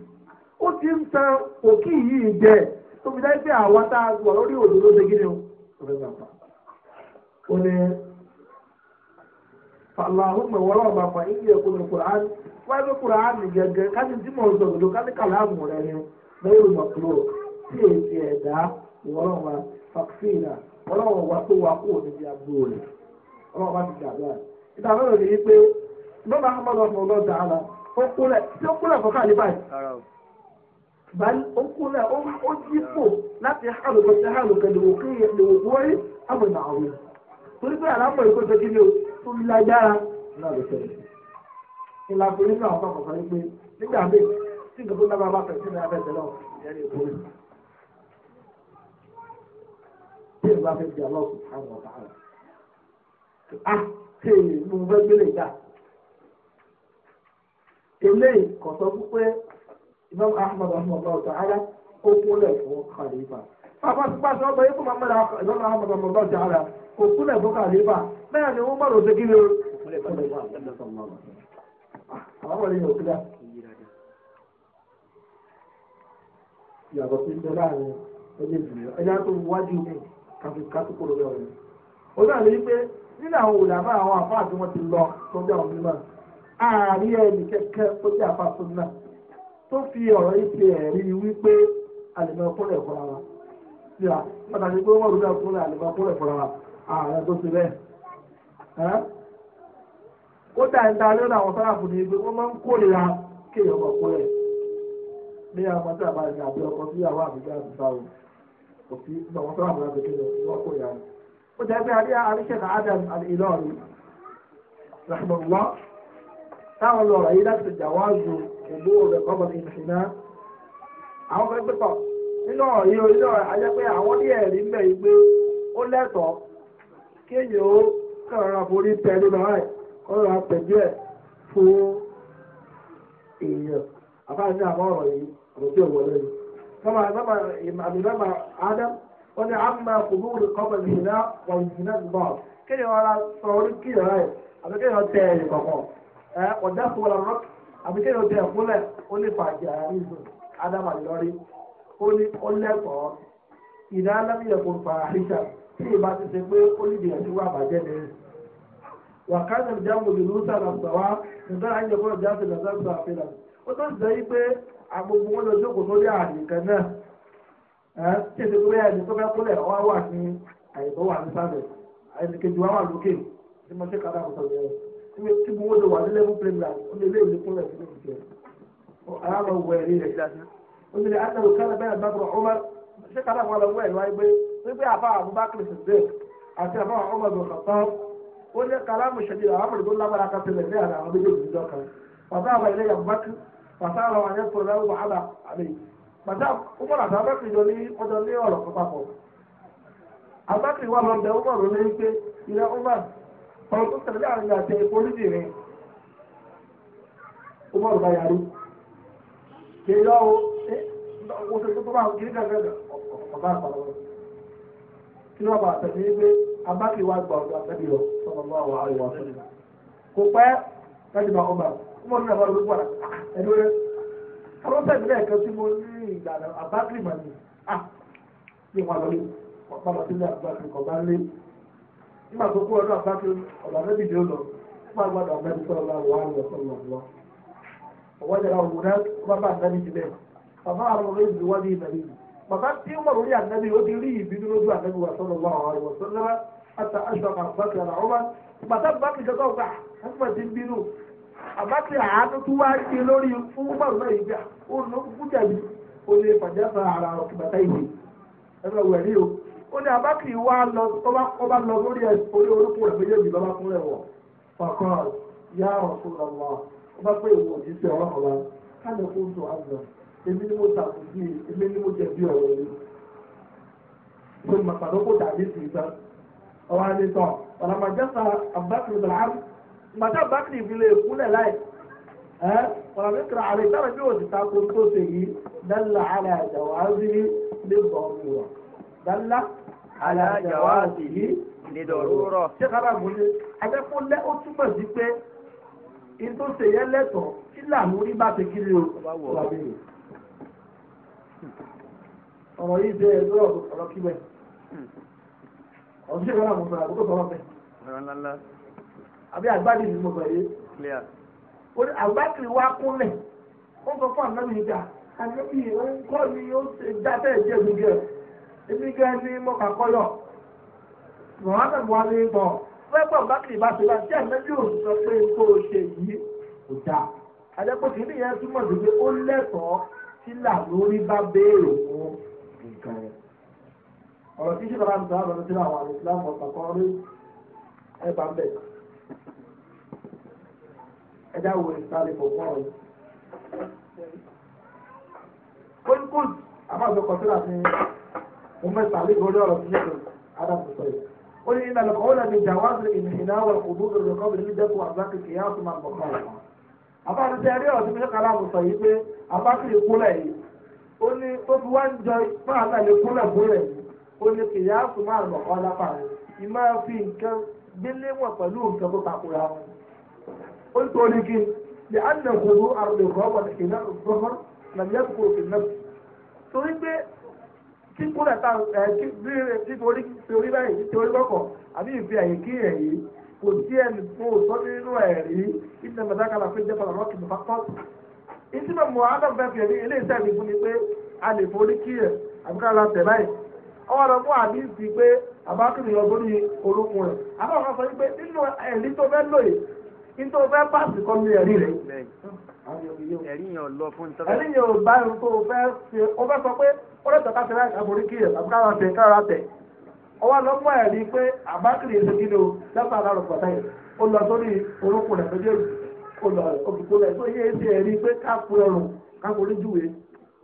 ó ti ń tan òkì yìí jẹ tó fi pé àwa tá a wà lórí òdòdó ṣe kí ni o ó ní fàlàhùnmọ̀ wọ́lá ọ̀bà fà ń yẹ kúrò kùrán wáyé pé kùrán gẹ́gẹ́ káni tí mo sọ òdòdó rẹ ni tí èsì ẹ̀dá wa ọlọ́wọ́ wa tó rẹ̀ ọlọ́wọ́ bá ti ni wípé lọ́ba ọlọ́dà á ó kúlẹ̀ tí ó بل أقول أم ha لا تحاول فتحاول كالوقية لوقوعي أمر معروف torípé o eléyìí kọ̀ sọ fún pé imam ahmed ahmed ta'ala ó kúnlẹ̀ fún khalifa pàpà tí pàṣẹ ọgbà yìí kó máa mẹ́ra imam ahmed ahmed ta'ala kò kúnlẹ̀ fún khalifa bẹ́ẹ̀ ni wọ́n mọ̀rọ̀ ṣe kíni o. àwọn ọmọ yìí ò kíra yàtọ̀ sí ṣe láàrin ẹgbẹ́ ìgbìmọ̀ ẹ̀yà tó wájú kàfi kàfi kúrò lọ́wọ́ ni. ó náà lè pé nínú àwọn òlàmọ́ àwọn àfáà tí ti lọ tó ń àwọn mímọ́ àárín ẹnì kẹ́kẹ́ ó jẹ́ àfáà náà tó fi ọ̀rọ̀ ìpè ẹ̀rí wípé àlèmọ̀ fúnlẹ̀ fúnra wa sí pàtàkì pé wọ́n rúdà àlèmọ̀ ààrẹ tó ti bẹ́ẹ̀ ó dà ń darí ọ̀nà àwọn ibi wọ́n máa ń kórìíra ní àwọn tí a bá rìn àbí ọkọ tí àwọn àbíjá ti sá o ní àwọn sára fún abẹ́kẹ́ lọ wọ́n Adam rahmanullah táwọn ìlú rẹ̀ kọ́bọ̀ ní ìṣúná. àwọn fẹ́ pẹ́ pọ̀ nínú ọ̀rọ̀ yìí orílẹ̀ ọ̀rọ̀ ajẹ́ pé àwọn ní ẹ̀rí ń bẹ̀ yìí pé ó lẹ́tọ̀ọ́ kéèyàn ó kàn rà forí tẹ̀lé lọ́wọ́ ẹ̀ kọ́ rà pẹ̀lú ẹ̀ fún èèyàn àbáyé ní àwọn ọ̀rọ̀ yìí ọ̀rọ̀ tí ò wọlé yìí. kama zama àbílẹ́mà Adam wọ́n ní àmà kùbúrú kọ́bọ̀ ní ìṣúná wọ̀ àbíkẹ́ yóò tẹ ẹ̀kúnlẹ̀ ó lè fàájì àárín ádámà lọ́rí ó ní ó lẹ́kọ̀ọ́ ìdá alámìyẹ̀kùn fàáhíṣà tí ìbá ti ṣe pé ó lè dìyàn tí wà bàjẹ́ ni. wàkánà ìjáwó lè lóṣà làǹtàwá nígbà àyè kọ́ ìjà sí làǹtàwá àfihàn ó tó ń sọ yí pé agbègbè wọn lọ jókòó sórí ààrùn kan náà ẹ̀ tí èdè pé ẹni tó fẹ́ kúnlẹ̀ ọ wà ní àyè tó wà kí gbogbo ọdọ wà ní level play ground ó lè lé ìlú kúnlẹ̀ sí a jẹ aláàmọ̀ wọ ẹ̀rí rẹ̀ ó sì lè ádàlù kálá bẹ́ẹ̀ bákùrọ̀ ọmọ ṣé kálá wọn lọ wọ ẹ̀rí wáyé pé wípé àfa Abubakar Siddiq àti àfa ọmọ ọdún kàtọ́ ó ní kálá mùsùlùmí àwọn ọmọdé tó lágbára ọ̀rọ̀ tó tẹ̀lé láàrin àti epo onídìrín ó bọ̀ lọ́ba yàrá kí lọ́ o ṣe owó tó tó bá kiri gàgàgà ọ̀gá àpàlọ́ kí lọ́ba àtẹ̀lé pé abákì wa gba ọ̀dọ̀ àtẹ̀lé lọ sọ́mọ́ mọ́ àwọn àríwá sọ́dọ̀ kò pẹ́ láti máa ọmọ ọmọ nínú àwọn olùkọ́ rẹ̀ ẹ̀dọ́ rẹ̀ àwọn bẹ́ẹ̀ bẹ́ẹ̀ kan tí mo ní ìlànà abákì mà ní ah, à ní wọn lọ ọ̀pá nígbà tó kú ọdún àbákí ọ̀là mẹ́bí ni ó lọ nígbà gbọ́dọ̀ àbẹ́bí sọ̀rọ̀ bá wà ní ọ̀sán lọ wá. ọ̀wọ́ jẹ́ra òun náà bá bá àdáni ti bẹ́ẹ̀ bàbá àwọn ọmọ ìlú wá ní ìlànà ìlú bàbá tí ó rí ànábì ó ti rí ìbínú lójú ànábì wà sọ̀rọ̀ wá ọ̀rọ̀ wọ̀ sọ̀rọ̀ wá aṣọ ó ní abákì wá lọ ọba bá lọ lórí orí orúkún rẹ̀ méjèèjì lọ́wọ́ fún rẹ̀ wọ̀ ọ̀kan yá ọ̀tún lọ́wọ́ ó bá pé ìwọ òjíṣẹ́ ọlọ́kọ̀ọ́lá kálẹ̀ kó ń tó àgbà èmi ni mo tàbí bí èmi ni mo jẹ̀bi ọ̀rọ̀ yìí pàdé kó dàbí sí ọ̀nà màjẹ́sà abákì màjẹ́ abákì alájàwá sí i nídọ̀rọ̀. ṣé kábà mú lé ajẹ́kọ́ lẹ́ ó túbọ̀ sí pé in tó ṣe yẹ lẹ́tọ̀ọ́ kí làánú rí bá ti kiri o. ọ̀rọ̀ yìí ṣe ẹ̀rọ ọ̀rọ̀ kí wẹ̀. ọ̀rọ̀ ṣe ìrọ̀lá mo sọ̀rọ̀ àkókò sọ̀rọ̀ fẹ́. àbí àgbàdì ni mo sọ yé. àgbàkiri wa kúnlẹ̀ ó sọ fún àgbàdì yìí ká àgbàdì yìí ó ń kọ́ ni ó ṣe dá ibi gẹ́gẹ́ bí mọ́kà kọ́yọ̀ mohammed wálé bọ̀ fẹ́gbọ̀n bákìrì bá ṣe láti jẹ́ mẹ́jọ sọ pé tó o ṣe yìí kò dáa àdẹ́pọ̀tì nìyẹn túmọ̀ sí pé ó lẹ́tọ̀ọ́ sílà lórí bá béèrè fún nǹkan yẹn ọ̀rọ̀ tí ìṣèjọba ń sọ̀rọ̀ lọ́dún sílẹ̀ àwọn àmì ọ̀sán kan rí ẹ̀bà ń bẹ̀ ẹja wo ìsàlẹ̀ fún ọ̀gbọ́n rẹ̀ kóńkóńtì àbájọ kọ̀ọ̀tì láti وما يتعليق هو يعرف يقرأ على الصيد قل إن القول بجواز الانحناء والقبوض الرقاب المدة وأرزاق القياس مع المخالفة àbá ti sẹ́rí ọ̀rọ̀ tí mi kàlá mo sọ yìí pé àbá kì í kúnlẹ̀ yìí ó ní ó fi wá ń jọ máa náà lè kúnlẹ̀ kúnlẹ̀ yìí ó ní kìyà sùn máa lọ ọ́ lápá rẹ̀ ìmọ̀ fi nǹkan délé wọn pẹ̀lú nǹkan tó takora wọn. ó ń torí kí ni a nà kúrú àrùn ìkọ́ wọn kì í náà rọ́bọ́ làmìyàn kúrò kì í náà. torí pé kíkúrẹ̀ tá ẹ̀ kí rírẹ̀ tí orí fi orí báyìí tí orí kọ̀kọ̀ àbí ìfi ẹ̀yìn kí ẹ̀yìn kò sí ẹni fún òótọ́ nínú ẹ̀ rí ìdílé mọ̀dáká la fi jẹ́ pàlọ́ rọ́ọ̀kì mọ̀fá tọ́ ìdílé mọ̀ adam fẹ́ fi ẹ̀rí ilé iṣẹ́ mi fún mi pé a lè forí kí ẹ̀ àbí ká la tẹ̀ báyìí ọwọ́ lọ fún àbí ìsì pé àbákùnrin lọ sórí orúkún rẹ̀ àbáwọn kan sọ wípé nínú ẹ̀rí tó fẹ́ lóye nítorí fẹ́ pàṣẹ ẹ̀rí yẹn ò lọ fún ní tọ́ka. ẹ̀rí yẹn ò bá irun tó o fẹ́ ṣe o fẹ́ sọ pé ó lè tọ́ka sí láì àbórí kí ẹ̀ àbúkà wọn tẹ̀ kára tẹ̀. ó wá lọ fún ẹ̀rí pé àbákìrì èso kí ni o lẹ́sọ̀ àdárò pọ̀ táyà ó lọ sórí orúnkún rẹ̀ méjèèjì ó lọ òkùnkùn rẹ̀ tó yé ṣe ẹ̀rí pé káàkùn ẹ̀rùn káàkùn oníjúwe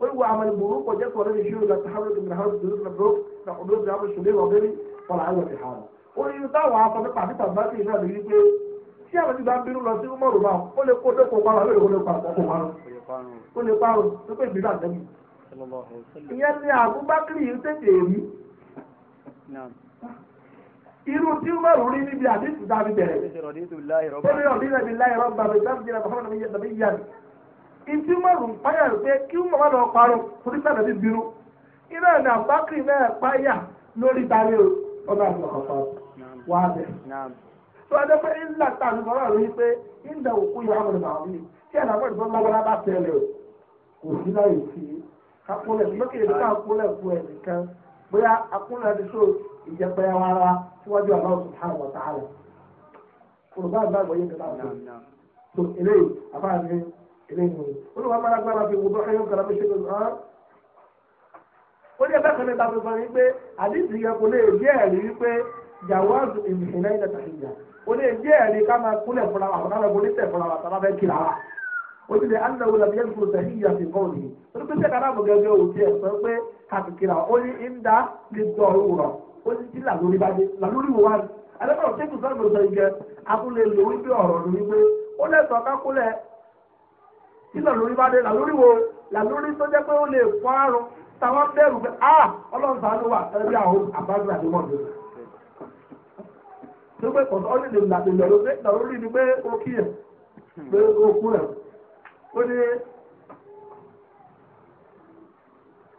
ó wù àmàlì burúkú jẹ́ sọ̀rọ̀ ní ìṣirò láti hàrù ìgbìmọ̀ hàrù ìgbìmọ̀ hàrù ìgbìmọ̀ hàrù ìgbìmọ̀ hàrù ìgbìmọ̀ tí àwọn ti bá bínú lọ sí umaru bá ó lè kó dókòó parọ́ àbẹ̀rẹ̀ kó lè pa àpọ̀ kó parọ́ ó lè parọ́ tó pé ìbílẹ̀ àtẹ́bù. ìyẹn ni àbúbákírì yìí tètè rí irú tí umaru rí níbi àdìsí dábì bẹ̀rẹ̀ ó ní ọ̀dí nàbí láì rọ́bà mi sábìjì nàbà fún mi yàn ìtí umaru ń páyà pé kí umaru lọ parọ́ torí ní àbúbákírì náà páyà tó pé ńlá ta ní yìí pé ńlá òkú yóò hàn lọ́wọ́ mi tí ẹ̀ náà gbọ́dọ̀ lọ́wọ́lá bá tẹ̀lé o kò sí láyé sí i kakúnlẹ̀ lókè ìlú kakúnlẹ̀ fún ẹ̀ nìkan bóyá akúnlẹ̀ ti so ìjẹpẹ́ ara síwájú àbá wọ̀ àgbà eléyìí àbá ó ní ẹgbẹ́ kan ní ìtàkùn sọ wípé o lè jẹ́ ẹ̀rí ká máa kúnlẹ̀ fúnra wa àbọ̀ká lọ́gbọ́n ní tẹ̀fúnra wa sábà fẹ́ kíra wa o ti lè alẹ́ wula bíyẹn kúrò sẹ́yìn ìyá ti kọ́ òní o ní pẹ́sẹ́ kára bọ̀ gẹ́gẹ́ o ti ẹ̀ sọ pé káàkiri kíra o ní ìdá lè dọ̀ ọ̀rọ̀ rọ̀ o ní ti làlórí bá dé làlórí wò wá ní alẹ́kọ̀ọ́ tẹ́kù sọ́dọ̀ sọ ìgẹ́ akúlẹ̀ lò wípé ọ̀rọ̀ ló wípé ó lẹ́sọ̀ kákúlẹ̀ tí làlórí bá dé làlórí wò làlórí tó jẹ́ pé ó lè fọ́ àrùn táwọn ah ọlọ́run sàánú wà ẹ̀rí àwọn àbájọ àdéhùn ọ̀dọ́ tó pé kọ̀ọ̀tọ̀ ọ́n nílò ìlànà ìlọ ló pé ìlànà orí ni pé ó kíyàn pé rẹ̀ ó ní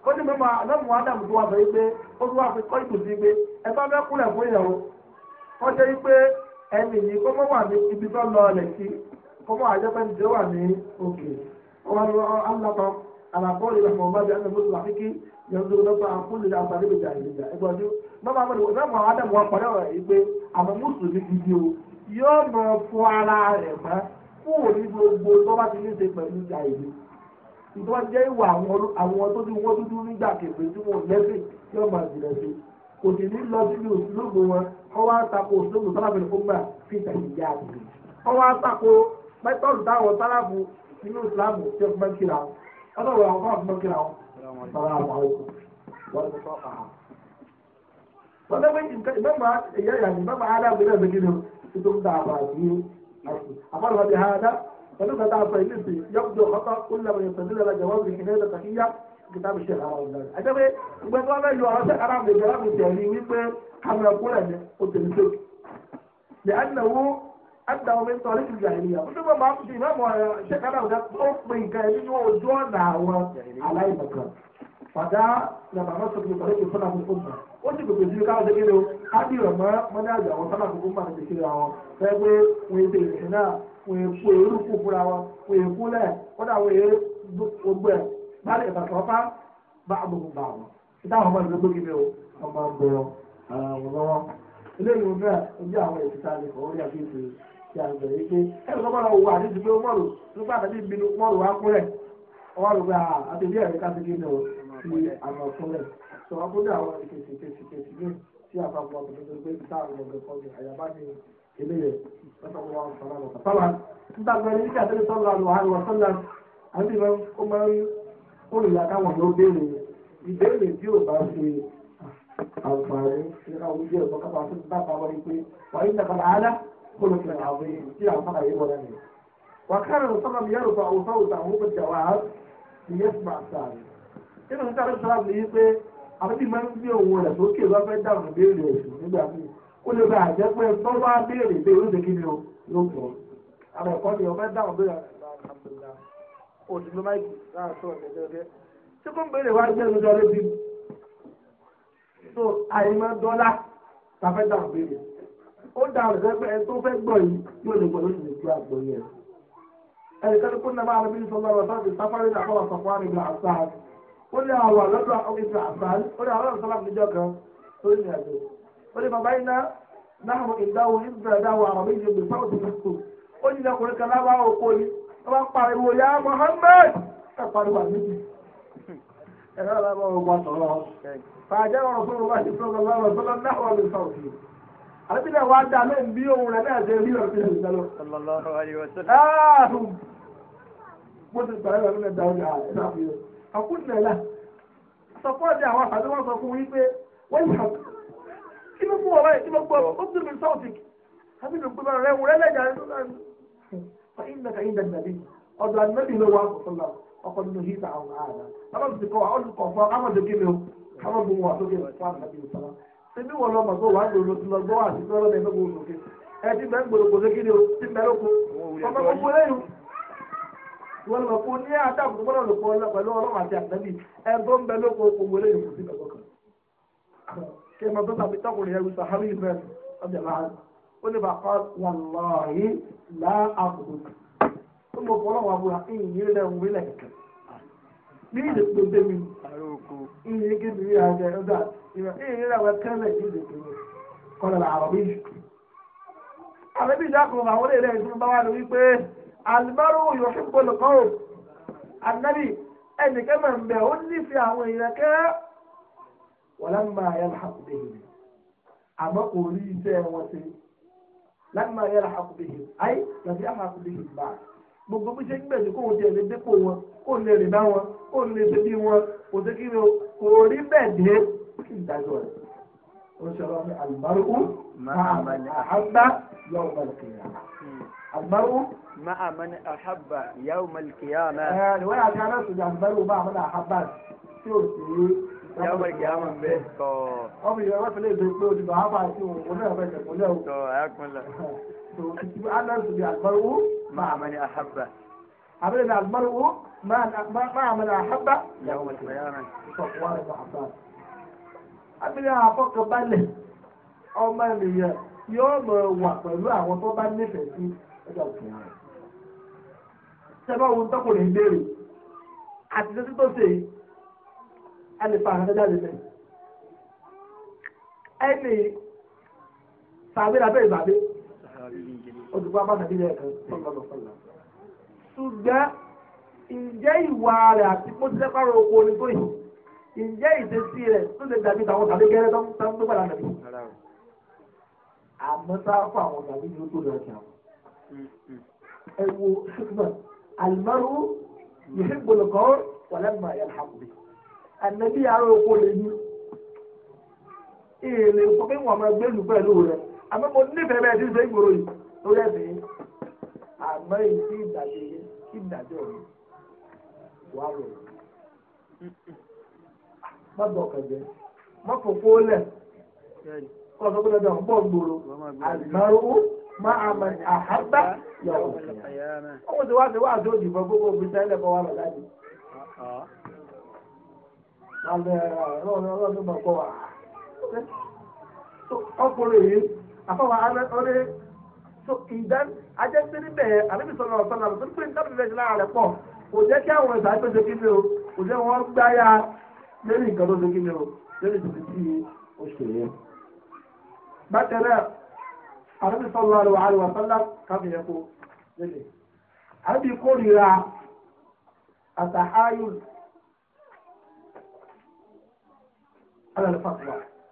ó ní mímọ alẹ́mú adam tó wà sọ pé ó tó wà fi kọ́ ìtò sí pé ẹ bá fẹ́ kúrẹ̀ fún ìyàwó jẹ́ pé ibi tó lọ sí kó mọ́ tó wà ní òkè alábọ̀ ìlànà bàbá àmọ́ ìwọ̀n sábà wà dàbọ̀ ọ̀pọ̀ náà yìí pé àwọn mùsùlùmí gidi o yóò nà fọ ara rẹ̀ mọ́ kúrò ní gbogbo tó bá ti ní ṣe pẹ̀lú ìjà ìlú ìtọ́wá jẹ́ ìwà àwọn tó ti wọ́n dúdú nígbà kẹfẹ́ tí wọ́n lẹ́sìn yóò máa jìnà sí kò sì ní lọ síbi òṣìlógún wọn kọ́ wá tako òṣìlógún sálábìrì fún gbà fi ìtàkì ìyá àgbègbè wọ́n ti sọ́ wannan imam ba ya yani imam ala guda da gidan su duk da ba ni amma ba da hada wannan da ta fa yin su yabdu khata kullu man yastadilla ala jawaz al-hinaya al-tahiyya kitab al-shaykh al-awlad ajabe ba ba ba yo ara ara da jawab al-tani wi pe kamra kula ne o tin so لأنه أدى من طريق الجاهلية ثم ما أقصد إمام الشيخ أنا وده أقصد من جاهلية وجوانا على أي مكان fàdá nàmà náà sọ̀rọ̀ ìgbàlẹ̀ tó sọ́nà fún ọmọ ó sì gbogbo ìdílé káwọn ṣẹ́gẹ́rẹ́ o káàdì rẹ̀ mọ́ mọ́dé àjà àwọn sọ́nà fún ọmọ àti ìṣẹ́ra wọn fẹ́ pé wọ́n ètò ìrìn náà wọ́n èpo èrú kù fúnra wọn wọ́n èpo lẹ̀ kọ́dà wọ́n èé gbogbo ẹ̀ báyìí ìbàtà ọ̀pá bá àgbègbè bá wọn. ìta àwọn ọmọ ìdókòwò kí ni o ọmọ ń bọ àwọn lọ́wọ́ eléyìí fẹ́ ojú àwọn èkìtà ni kò rí àbíyèsí ti àgbẹ̀ yìí pé ẹ̀rọ tó bá lọ wà nídìí pé mọ́rù nígbà tàbí ìbínú mọ́rù wá kúrẹ̀ ọwọ́ rẹ̀ pé ẹ̀rí ká ti kí ni o sí àwọn ọ̀pọ̀lẹ̀ sọ abúlé àwọn ìkèsì ìkèsì ìkèsì yìí sí àpapọ̀ àpòtòtò pé ìta àwọn ọ̀gbẹ̀ kan ní àyàbá ní ilé rẹ̀ lọ́sọ̀rọ̀ wa sọ̀rọ̀ àwọn ọ̀pọ̀lá. nígbà tó ní kíkà tẹ́lẹ̀ sọ́lá lọ àwọn ọ̀sọ́lá àti ìwé ó máa ń kórìíra káwọn ló béèrè ìbéèrè tí ò bá ṣe àǹfààní nípa ojú ẹ̀kọ́ kápá tó bá bá wọlé pé wà ní ìdàkọ̀lá àádá kó ló fi àwọn èèyàn tí àwọn fàkàyé wọlé nìyẹn. wà á kárẹ̀ lọ́sọ̀rọ̀ mi yẹ́rù nínú níta ló sọ́ra mi pé àbẹ́bí máa ń gbé òun rẹ̀ sókè bá fẹ́ dáhùn ìbéèrè ẹ̀sìn nígbà míì ó lè bá àjẹ́ pé tó bá béèrè pé ó ṣe kí ni o ló pọ̀ àbẹ̀ kọ́ ni ọ̀fẹ́ dáhùn béèrè òṣìṣẹ́ máìkì láàrín tó ọ̀nà ìjọba ṣé kó ń béèrè wá jẹ́ ìjọba lébi so àìmọ̀ dọ́là tàfẹ́ dáhùn béèrè ó dáhùn ìfẹ́ tó fẹ́ gbọ́ yìí yóò lè gbọ́ lóṣù tó àgbọ̀ yẹn ẹnìkan kó nàbà àlọ́ bí sọ́lá ọ̀sán ti ó ní àwọn àlọ́dọ̀ ọ̀gbìn àbáyé ó ní àwọn àlọ́dọ̀ níjọ́ kan tó ní àjò ó bàbá iná náà ìdáwó ìbúra ìdáwó àwọn méjì ògbìn fáwọn tó fi kú ó ní ọkùnrin kan lábá òkú yìí wọ́n bá ya Muhammad ẹ̀ pariwo àmì ẹ̀rọ ọgbà fàájẹ́ ọ̀rọ̀ fún ọgbà fún ọgbà náà wà ní dà bí rẹ̀ náà rí ọ̀rọ̀ àkúnnàlà sọpọ́ọ̀dì àwọn àpàdé wọn sọ fún wípé wọ́n yìí hàn kí ló fún ọ̀rọ̀ yìí kí ló gbọ́ ọ̀rọ̀ ó tún mi sọ́ọ̀tì àbí mi gbé bára rẹ̀ wúrẹ́ lẹ́jà rẹ̀ lọ́la ni. fa inna ka inda nabi ọ̀dọ̀ anabi ló wà sọ̀tọ̀lá ọkọ̀ nínú híta àwọn ààrẹ bàbá mi ti kọ́ wa ọdún kọ̀ fún ọmọ tó kéde o káwọn bò wà sókè fún wọn lọ màgbọ́ wà lọ lọ́gbọ́ wà sí lọ́rọ́ wọ́n lọ fún ní àtàkùn tó gbọ́dọ̀ lò a pẹ̀lú ọlọ́run àti àtẹ́bí ẹ̀dọ́ ń bẹ lóko owó lè yòókù sí ìgbàgbọ́ kan. kí ẹ máa tó tàbí tọkùnrin ẹrú alimaru yòókù lùkọ́rù anabi ẹnìkan máa ń bẹ̀ ó nífẹ̀ẹ́ àwọn èèyàn kẹ́ walamma yalhaq bihim àmọ́ kò rí iṣẹ́ wọn ṣe lamma yalhaq bihim ayé làbí yalhaq bihim bá gbogbo bí ṣe ń gbẹ̀dẹ̀ kó o jẹ́ lè dépò wọn kó o lè rìn bá wọn kó o lè ṣe bí wọn kò sí kí ni o kò rí bẹ́ẹ̀ dé kí n dájọ́ rẹ̀. وشرب المرء مع من أحب يوم القيامة المرء مع من أحب يوم القيامة الواحد آه كان يقصد المرء مع من أحب شو يوم القيامة يوم القيامة. يا رب ليه بيسكو جدا هفا عشو ونه بيسك ونه تو أكم الله أنا أرسل يا المرء مع من أحب أبدا المرء مع من أحب يوم القيامة صفوان بن عباس abẹ́rẹ́ àfọkànbalẹ̀ ọmọ ènìyàn yóò mọ̀ wà pẹ̀lú àwọn tó bá nífẹ̀ẹ́ sí ọjọ́ òkèèrè rẹ̀. sẹ́fọ́ ohun tọkùnrin béèrè àti títí tó ṣe a lè fa àkàtà jáde bẹ́ẹ̀. ẹnì sàbí làbẹ́ ìbàbí olùkọ́ abáṣàbí rẹ̀ kan sọ́kànlọ́ sọ́kànlọ́. ṣùgbọ́n ǹjẹ́ ìwà rẹ̀ àti pósíṣẹ́ pàrọ̀ oko ni tó yìí ǹjẹ́ ìṣesí rẹ̀ tó lè dàbí àwọn tàbí gẹ́rẹ́ tó ń tán tó gbàdá nàbí. àmọ́ sáfà àwọn tàbí ni ó tó lọ sí àwọn. Hmm, hmm. ẹ wo ṣùgbọ́n alimaru yìí gbólókọ́ wàlẹ́ mọ̀ ẹ̀ hàmùbí. ànàbí ará oko lè ní. èèlè sọ pé wọn máa gbẹ́lú pẹ̀lú rẹ̀ àmọ́ mo nífẹ̀ẹ́ bẹ́ẹ̀ tí ń ṣe ìgboro yìí lórí ẹ̀sìn yìí. àmọ́ ìdí ìdàjẹ́ ìdàjẹ́ òní wàá rọ̀ má bọ̀ kẹ̀jẹ́ má fòfó lẹ̀ kọ́ ọ̀sán kó dandan bọ̀ gbòòrò àlùmárùú má àmà àhábà yàwó ọmọ tí wàá ti wàá tó dìbò gbogbo ògbésí ẹlẹ́ kọ́ wà lọ́lájì. Àlẹ́ ọlọ́run ọlọ́run mọ̀ kọ́ wà. so ìdán ajẹ́sẹ́ níbẹ̀ lórí nǹkan tó ṣe kí ni o lórí ìtòkì tí o ṣe yẹn. bákan náà àdébí sọ́lá rẹ̀ wà á lè kó lélẹ̀. àdébí kórìíra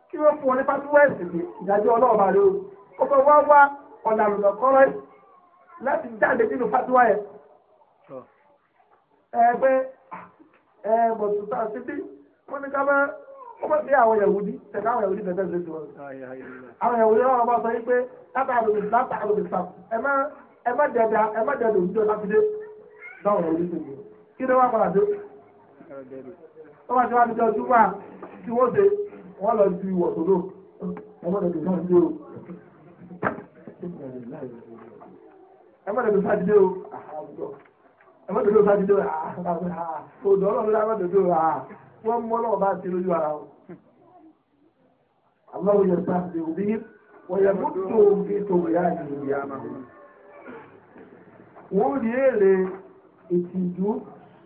kí wọ́n fún ọ ní fatuwa ẹ̀sìn pé ìdájọ́ ọlọ́ọ̀bà rẹ o ó fẹ́ wá wá ọ̀nà àlùlọ̀ kọ́rọ́ láti jáde nínú fatuwa bọ̀tùtà síbí. wọ́n ní kábẹ́ wọ́n bá ti àwọn yahudi tẹ̀lé àwọn yahudi tẹ̀lé ṣe tiwọn. àwọn yahudi náà wọ́n bá sọ pé látàlù látàlù ìsàm ẹ má ẹ má dẹ̀dẹ̀ ẹ má dẹ̀dẹ̀ òjijì ọ̀làfídé dáwọn yahudi tó gbé kí ni wọ́n padà dé. wọ́n bá ti wá níjọ́ ojú wa tí wọ́n ṣe wọ́n lọ ju ìwọ̀ tó lò ẹ má dẹ̀dẹ̀ náà dé o. ẹ má dẹ̀dẹ̀ sáà dé o ẹ má dẹ̀dẹ̀ sáà dé o ọ̀dọ̀ ọlọ́run lá wọ́n mọ́ lọ́wọ́ bá ti lójú ara wọn. Àwọn òye ta ṣe òbí wọ́n yẹ kó tó fi tòwé àyè ìyá àmà. Wọ́n rí èrè ìtìjú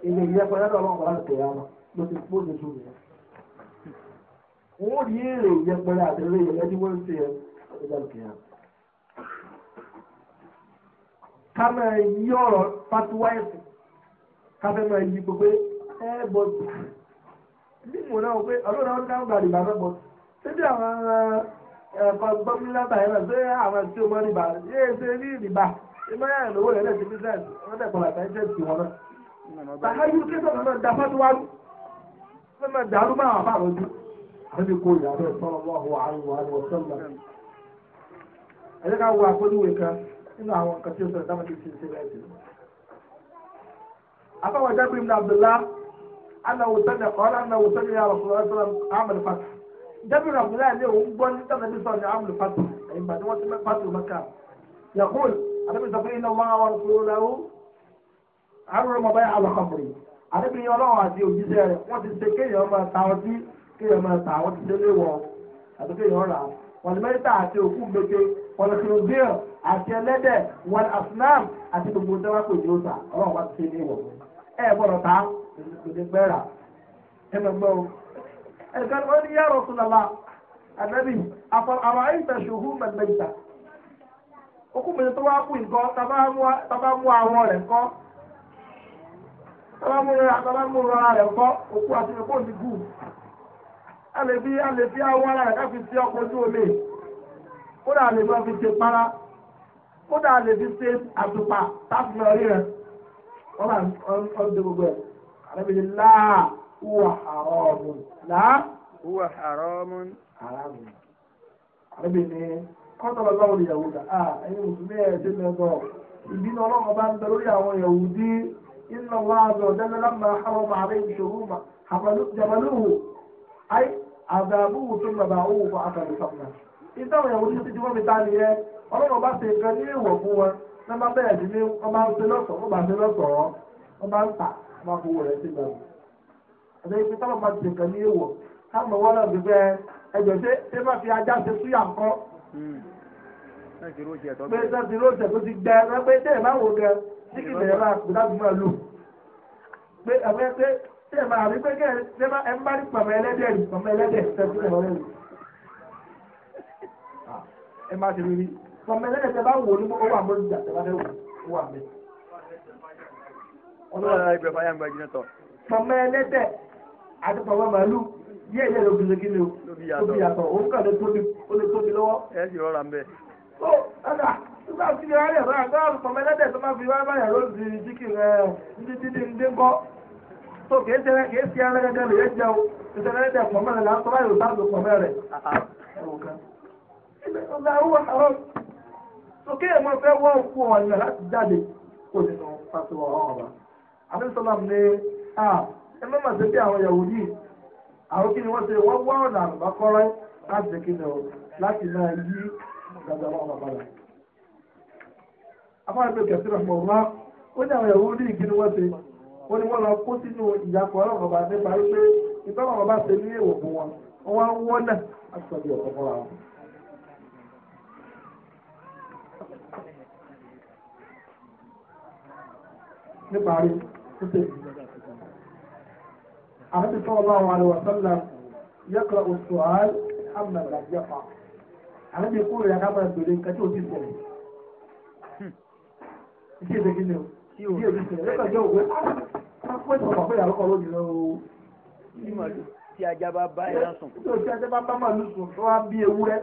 èdè ìyẹ́pẹ́ lọ́dọ̀ ọlọ́run bá ti tẹ̀yà wọn ló ti kó ní sóbi. Wọ́n rí èrè ìyẹ́pẹ́ àtẹ̀lẹ́ ìyẹ́pẹ́ tí wọ́n ń ṣe ọ̀dọ̀ ìkẹyà. Ká máa yí ọ̀rọ̀ pátíwáìsì ká fẹ́ máa yí gbogbo ẹ́ bọ́ọ̀dù. ndị mò náà wò pé ọlọ́run náà dáhùn gba rìbá náà pọ̀ síbi gbọ́mílátà yẹn náà ṣé àwọn tí o mọ rìbá yéé ṣe ní rìbá ìmọ̀ yẹn lówó rẹ̀ lẹ́sìn bísíǹsì wọ́n tẹ̀ wọn náà. kí náà dàrú máa wà fáwọn ojú. Àbí kò sọ̀rọ̀ أنه سمع قال أنه سمع يا رسول الله صلى الله عليه وسلم عام الفتح جابر عبد الله ليه وقال أنت النبي صلى الله عليه وسلم الفتح أي بعد وقت فتح مكة يقول النبي صلى الله الله ورسوله حرم بيع الخمر النبي يرى àti òjíṣẹ́ rẹ̀ wọ́n ti ṣe kéèyàn máa ta ọtí kéèyàn máa ta àwọn ti ṣe léwọ̀ àti kéèyàn rà wọ́n ti mẹ́ta àti òkú gbèké wọ́n ti kìlọ̀ bíọ̀ àti ẹlẹ́dẹ̀ wọ́n asinam àti gbogbo ìjọba kò ní ó ta ọlọ́run wá ti ṣe léwọ̀ ẹ̀ gbọ́dọ̀ ta kò ní pẹ́ rà ẹ mọ̀ gbọ́ o ẹ̀kan ó ní yá Rasulullah ànábì àrà ìgbà ṣòwò mẹ́lẹ́ ìgbà okú mi tó wá kú nǹkan tábà mú àwọn rẹ̀ kọ́ tábà mú rọra rẹ̀ kọ́ òkú àti ìkó ní gùn alèbí alèbí àwọn ara rẹ̀ káfi sí ọkọ̀ ojú omi kódà alèbí wọn fi para kódà alèbí ṣe àtùpà táàfin ọrí rẹ̀ wọ́n bá ń ọdún gbogbo ẹ̀ àrẹ́bìnrin láà húwà haramun láà húwà haramun haramun àrẹ́bìnrin kọ́tọ̀lọ́ lọ́wọ́ ni yahoo dà áà ẹ̀yin mùsùlùmí ẹ̀ ṣe mẹ́tọ̀ ìbínú ọlọ́run bá ń bẹ lórí àwọn yahoo dí iná wà lọ dẹ́lẹ́ lámà àwọn ọmọ àrẹ ìṣòro mà jàmálùhù àì àdàbùhù tó bàbá òwò fún àtàlù sọ̀nà ìtàn yahoo dí ti ti wọ́n mi ta nìyẹn ọlọ́run bá ṣe nǹkan ní ìwọ̀ fún wọn ní wọ́n bá bẹ̀rẹ̀ sí ní wọ́n bá ń ṣe lọ́sọ̀ọ́ wọ́n bá ń ṣe lọ́sọ̀ọ́ wọ́n bá ń tà máa fowó rẹ̀ sí ìgbà wọn. ẹ̀dá ibi táwọn máa ti nǹkan ní èèwọ̀ táwọn wọn náà gbígbẹ́ ẹgbẹ́ ṣé ṣé máa fi ajá ṣe súyà ńkọ́. Hmm. pé sẹ́ẹ̀tì róòtẹ̀ tó ti gbẹ ẹ pé tẹ́ ẹ̀ máa wò gan síkì tẹ̀ ẹ̀ máa kú láti máa lò. pé ẹ̀fẹ́ pé tẹ́ ẹ̀ máa rí pé kẹ́ ẹ̀ ń bá ní pàmò ẹlẹ́dẹ̀ rí pàmò ẹlẹ́dẹ̀ sẹ́ẹ̀tì ẹ̀ ẹ máa ṣe rírí pàmò ẹlẹ́dẹ̀ tẹ bá wò ní owó àmójújà tẹ bá fẹ́ wò ó wà mí ọlọ́run ibẹ̀ fàyà ń gba jìnnà tọ̀. fọmọ ẹlẹ́dẹ̀ àti fọmọ màálù yíyẹ yẹ ló gbèsè kíni o lóbi yàtọ̀ òun kàn lè tóbi ó lè tóbi lọ́wọ́. ẹ sì rọra mbẹ. ó ọ̀dà nígbà tí ìyá rẹ̀ rà gbọ́ fọmọ ẹlẹ́dẹ̀ tó máa fi wá báyà ló di jíkì rẹ̀ ní títí ní dégbọ́. tó kìí ṣe kìí ṣe ara gẹ́gẹ́ lè yẹ jẹ o ìṣẹ̀lẹ̀ ẹlẹ́dẹ̀ fọmọ rẹ̀ là ń tọ́lá yóò sáàdù fọmọ rẹ̀. òkè mọ̀ fẹ́ wọ́ òkú láti jáde kó nínú pàṣẹ ọ̀rọ̀ ọ̀rọ̀ àdéhùsọ́lá ní à ẹ má mà ṣe bí àwọn ìyàwó yìí àwọn kí ni wọ́n ṣe wọ́n wá ọ̀nà àbákọ́rẹ́ láti ṣe kí ni o láti máa yí ìgbàgbọ́ àwọn bàbá rẹ̀. afárẹ́pẹ̀ kẹ̀sí rẹ̀ mọ̀ wá ó ní àwọn ìyàwó yìí kí ni wọ́n ṣe wọ́n ní wọ́n lọ kó sínú ìyàpọ̀ ọlọ́run bàbá nípa wípé ìtọ́wọ̀n bàbá ṣe ní èèwọ̀ fún wọn wọ́n wá ń wọ́n náà láti sọ bí ọ̀kan fọ́ra wọn. nípa rí النبي صلى الله عليه وسلم يقرأ السؤال أما لم يقع النبي يقول يا كما يقولين كتو تسأل كيف كيف تسأل يقرأ جوه wọ́n ti sọ̀rọ̀ pé ìyàwó kan tí ajá bá bá ẹ̀ lásùn. tí ajá bá bá màlúù sùn tó wá bí ewúrẹ́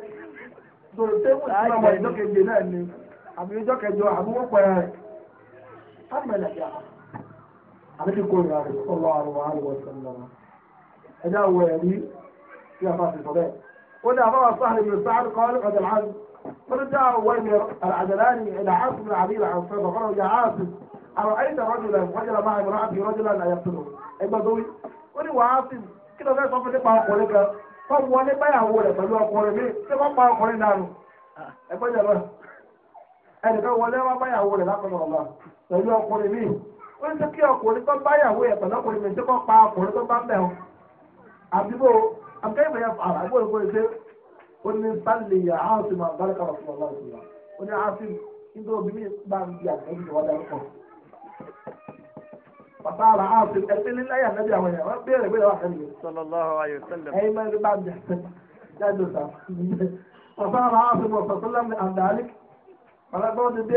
tó tẹ́ wọ́n ti máa mọ ìjọ́kẹ̀jẹ̀ náà ni àbí ìjọ́kẹ̀jọ àbúrò pẹ̀rẹ̀ rẹ̀ mẹ́lẹ̀ yàrá àdébí kò rà rẹ̀ sọ́lọ́ àrùn àrùn ọ̀sẹ̀lọ́ ẹ̀dá wọ ẹ̀rí tí a máa fi sọ bẹ́ẹ̀. ó ní àbáwá sáàrì yóò sáàrì kọ́ ní ọ̀dà láàrín wọ́n dá wọ ẹ̀mí àdàláàrí ẹ̀dà àásù ní àbí ìlà àǹfẹ́ bàbára ọjà àásù àwọn àyíṣà rọ́jùlẹ̀ wọ́jọ́lá máa ìmọ̀ràn àbí rọ́jùlẹ̀ náà yàtọ̀ lọ ẹgbẹ́ tó wí. ó ní wàá sì kí ló fẹ́ sọ fún nípa ọkùnrin kan tó wọlé báyàwó rẹ̀ pẹ̀lú ọkùnrin mi tí wọ́n pa ọkùnrin dànù ẹgbẹ́ jẹ̀ lọ ẹnìkan wọlé wọn báyàwó rẹ̀ lápẹ̀lú ọ̀la pẹ̀lú ọkùnrin mi onye ní kí ọkùnrin tó bá yàwó ẹ̀ pẹ̀lú ọkùnrin méjì kọ́ pa ọkùnrin tó bá ń bẹ̀ ọ́ àbíbò akẹ́yìnbó yẹn fara àbúrò kò ṣe ó ní sálẹ̀ yà á sì máa fún ó ní á sì mi bá ń di àgbẹ̀bí ìwà bàbá á sì ẹgbẹ́ yà nẹ́bí àwọn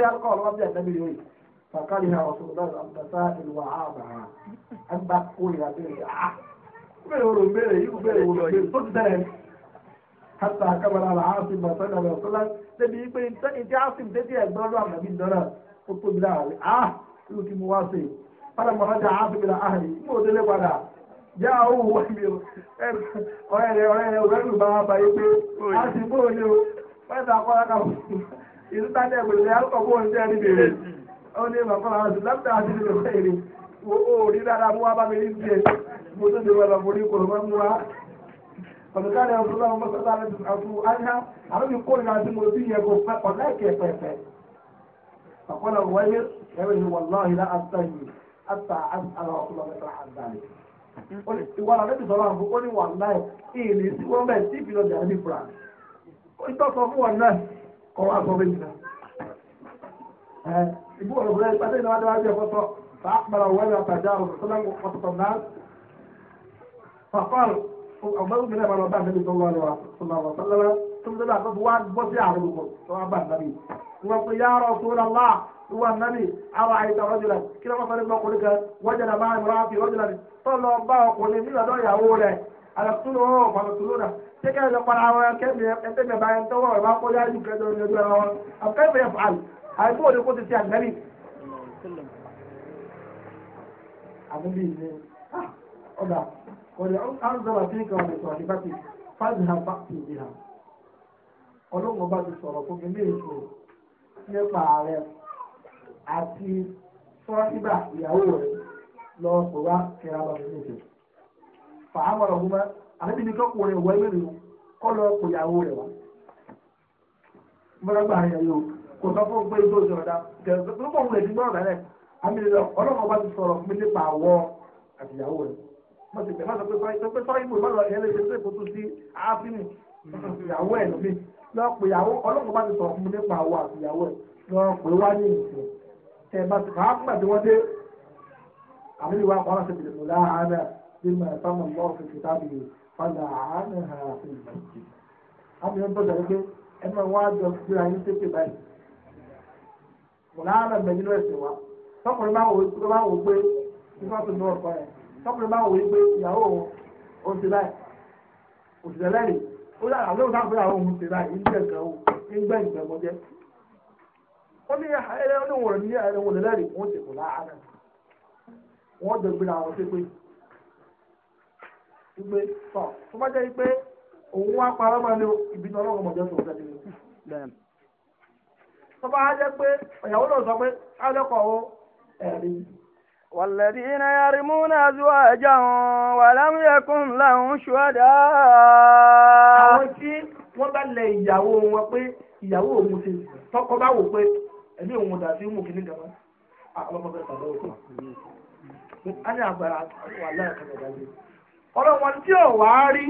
yẹn wọ́n فقالها رسول الله الأنبساء وعابها أما قولها به بيقولوا بيه يقولوا بيه صدق حتى كمل على عاصم صلى الله عليه وسلم نبي يقول انت انت عاصم تدي الدولة عن نبي الدولة قلت بلا اه يوتي مواصي فلما رجع عاصم إلى أهلي مو دلي ولا جاءوه وحمير وين وين وين بابا يقول عاصم بولي وين أقول لك إذا تاني أقول لك أقول لك ó ní bàbá àwọn àti láti àti ìlú ìlú ó rí rárá mú wá bá mi ní tiẹ̀ mo tún lè wọlé mo ní kò mú wá. ọ̀dùnká ni ọ̀dùnká ọmọ sọ́dá rẹ̀ àfún tí mo yẹ kó pẹ́ ọ̀dá ìkẹ́ pẹ́pẹ́. wáyé ẹ̀rọ àtà àlọ́ يبو ربنا بعدين هذا هذه فترة فأقبل أولها فجاء الرسول وقطط الناس فقال أبو بن أبي رباه النبي صلى الله عليه وسلم ثم ذهب فواد بصي على الرسول صلى الله عليه وسلم وقال يا رسول الله هو النبي أرأيت رجلا كلا ما فرق قولك وجد مع امرأتي رجلا صلى الله عليه وسلم لا يقول ألقتلوه فلقتلونه تكاد يقول عوام كيف يتم بين توا وما قول يا جبريل أو كيف يفعل alkawari ko ta ce a annabi ne ọ̀dà kọ̀dà anzala fi kan wọ̀lẹ̀ sọ̀rọ̀ nípa ti fàdìhà bá ti di hàn ọlọ́run bá ti sọ̀rọ̀ fún mi ní èso nípa rẹ àti sọ́ọ́síbà ìyàwó lọ ní èso fàámọ̀rọ̀ kọ́kùnrin ìwọ́ kọ́ ìyàwó wá. gbà yóò. kò sọ fún pé ibi òṣèlú ọ̀dà gẹ̀ẹ́sì pé kò ń lè dín náà rẹ̀ àmì ọlọ́mọ bá ti sọ̀rọ̀ fún mi nípa àwọ̀ àtìyàwó rẹ̀ wọ́n ti tẹ̀lé sọ pé sọ́yìn bò lọ́dọ̀ ẹ̀ lè ṣe sí ìkótó sí áfínì ìyàwó ẹ̀ lómi lọ́pọ̀ ìyàwó ọlọ́mọ bá ti sọ̀rọ̀ fún mi nípa àwọ̀ àtìyàwó rẹ̀ lọ́pọ̀ wá ní ìsìn ẹ̀ bá ti kàá pàdé wọ́n dé àmì mola mẹ́rin ẹ̀sìn wa tọkùnrin bá wò pé nípa tó ní ọ̀pá ẹ̀ tọkùnrin bá wò pé ìyàwó òun ti báyìí òṣìṣẹ́ ó yà àwọn àwọn ti ń o ń gbẹ̀ ìgbẹ̀mọ́jẹ́ ó ní ẹ̀rẹ́ oníwọ̀n ní ẹ̀rẹ́ wọn lẹ́rìí wọ́n ti kò láàárẹ̀ wọ́n dẹ̀gbẹ̀rẹ̀ àwọn ṣépè gbígbé tọ̀ tó bá jẹ́ pé òun wá ìbínú ọlọ́run mọ̀jọ́ tó tó bá jẹ́ pé ìyàwó náà sọ pé alẹ́kọ̀ o ẹ̀rí. والذين يرمون أزواجهم ولم يكن لهم شهداء. àwọn tí wọ́n bá lẹ ìyàwó wọn pé ìyàwó òun ti tọkọ bá wò pé ẹ̀mí òun dà sí mú kínní gàmá àwọn ọmọ a ní wà ọlọ́wọ́n tí ò wá rí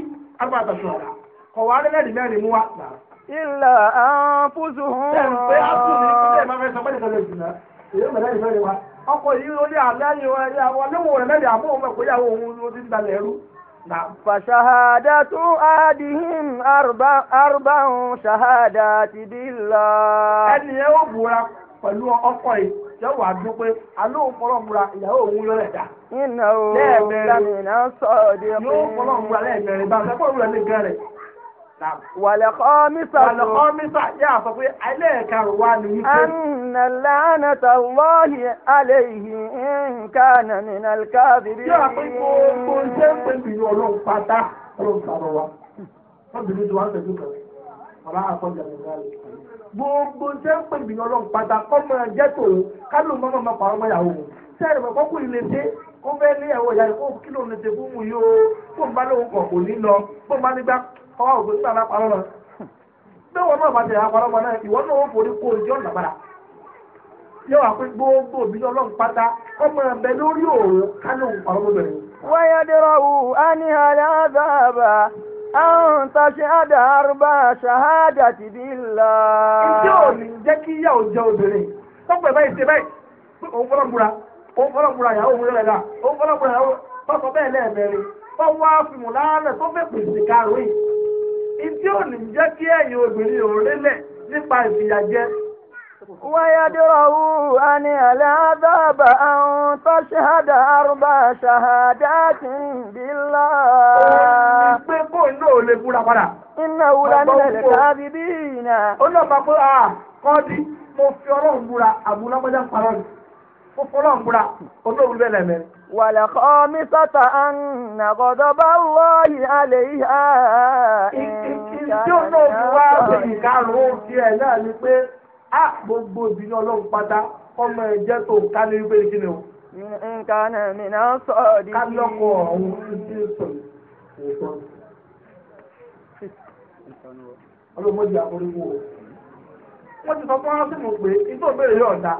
ilà àǹfùsùn. ẹ ǹ pé ápù ní kíkẹ́ máa fẹ́ sọ pé nìkan lè jìnnà èyí ò mẹ́lẹ́ ìfẹ́ rẹ wa. ọkọ yìí ló ní àlẹ́ yìí wọn níwò rẹ̀ mẹ́rin àmọ́ òun ẹ̀kọ́ yàwó òun ló ti ń dalẹ̀ ẹrú. فشهادة أحدهم أربع أربع شهادات بالله. ẹni ẹ ó bùra pẹ̀lú ọkọ yìí yóò wá dún pé alóhùn fọlọ́mùra ìyàwó òun ló rẹ̀ dá. iná lẹ́ẹ̀mẹrin yóò fọlọ́mùra lẹ́ẹ̀mẹrin bá a fẹ́ kó rẹ̀ lè gan wàlẹ̀ kọ́mísà wàlẹ̀ kọ́mísà yà á sọ pé ẹlẹ́ẹ̀karùn wa ni wípé. ẹnna lánà tàwọ́hì àlẹ́yìí nǹkan nàmínà kábìrì. yóò pé gbogbo ṣé ń pè mí ọlọ́run pátá ọlọ́run sàrọ̀ wa lọ́bìnrin tí wọ́n ń tẹ̀sí kẹrẹ́ ọ̀la àkọ́jà nìkan rẹ̀. gbogbo ṣé ń pè mí ọlọ́run pátá kọ́ mọ ẹjẹ́ tòun kálù mọ́mọ́ mọ́ pàrọ̀ mọ́ ìyàwó kó fẹ́ ní ẹ̀wọ̀ ìyá rẹ̀ kó kílò ní ṣe fún mu yìí o fóun bá lóun kọ̀ kò ní lọ fóun bá nígbà ọwọ́ ògbé sí àná parọ́ lọ bí wọn náà bá náà ìwọ náà forí kó gbogbo òbí ọlọ́run pátá ọmọ lórí kánú ọ̀rọ̀ wáyé wù àwọn tàṣe àdàrúbà ṣàhádà ti ìjọ ò ní jẹ́ kí ìyá ò jẹ obìnrin báyìí ṣe báyìí òun fọlọ́ òun fọlọ́ ìyàwó òun òun fọlọ́ ìyàwó bẹ́ẹ̀ lẹ́ẹ̀mẹrin ìdí ò ní jẹ́ kí ẹ̀yin obìnrin òrélẹ̀ nípa ìfìyàjẹ. ويدرؤوا أن العذاب أن تشهد أربع شهادات بالله. pé kó iná ò lè búra padà. iná wúra nílẹ̀ káàbí bíi iná. ó náà máa pé kọ́ di mo fi ọlọ́run búra àbúrò lápẹ́jà parọ́ ni ó fọlọ́ nkúra olóòwú bẹ́ẹ̀ lẹ́mẹ́. wàlẹ̀ kọ́ mi sọ́tà án nàgọ́dọ̀ bá wọ ìhàlẹ̀ ìhà. ìjọ náà wá èyí karùn-ún tiẹ̀ náà ni pé a gbogbo ìbílẹ̀ ọlọ́run pátá ọmọ ẹ̀jẹ̀ tó ká ní wípé kí ni o. nǹkan náà mi náà sọ ọ́ di. ká lọ́kọ̀ ọ̀hún ti sọ ọlọ́mọdé àforíwó wọ́n ti sọ fún ọ́sìn mọ̀ pé ìtòbéèrè yóò dáa.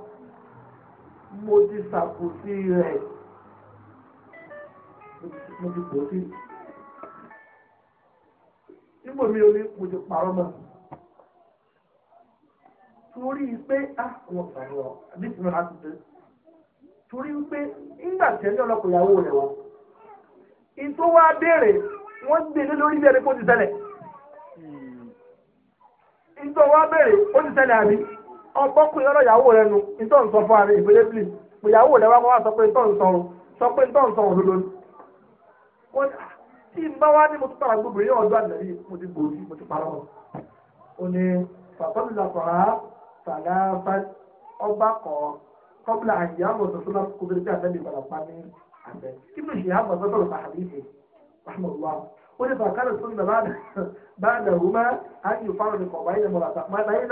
mo ti ṣàkóso rẹ̀ mo ti pò sí. Nígbà mi ò ní mo ti parọ́ mọ́. Torí pé á wọ́n sàrò ọ̀ àbí tí wọ́n á ti dé. Torí pé nígbà tí ẹni ọlọ́kọ̀ ìyàwó rẹ̀ wọ́n. Ìtò wa béèrè wọ́n gbé lé lórí bí ẹni kó ti ṣẹlẹ̀. Ìtò hmm. wa béèrè ó ti ṣẹlẹ̀ àbí ọbọ̀kùnrin ọ̀rọ̀ ìyàwó rẹ nu ìtọ́ ń sọ fún ààrẹ ìgbélébìlì pé ìyàwó rẹ wá kọ́ wá sọ pé ìtọ́ ń sọ sọ pé ìtọ́ ń sọ òdodo ni. wọ́n tí n bá wá ní mo tún tàrà gbogbo yẹn ọjọ́ àdìlẹ́ yìí mo ti gbòòdì mo ti parọ́ wọn. ó ní fàtọ́lùlà fàrà fàlà ọba kọ kọ́bùlà àyàmọ̀ tuntun náà kó bẹ̀rẹ̀ bí àtẹ́bí ìbàlàpá ní àtẹ́ kí ló ṣe àmọ̀ sọ́tọ̀ ولذا كانت السنة بعد بعدهما أن يفرق بين مرتبتين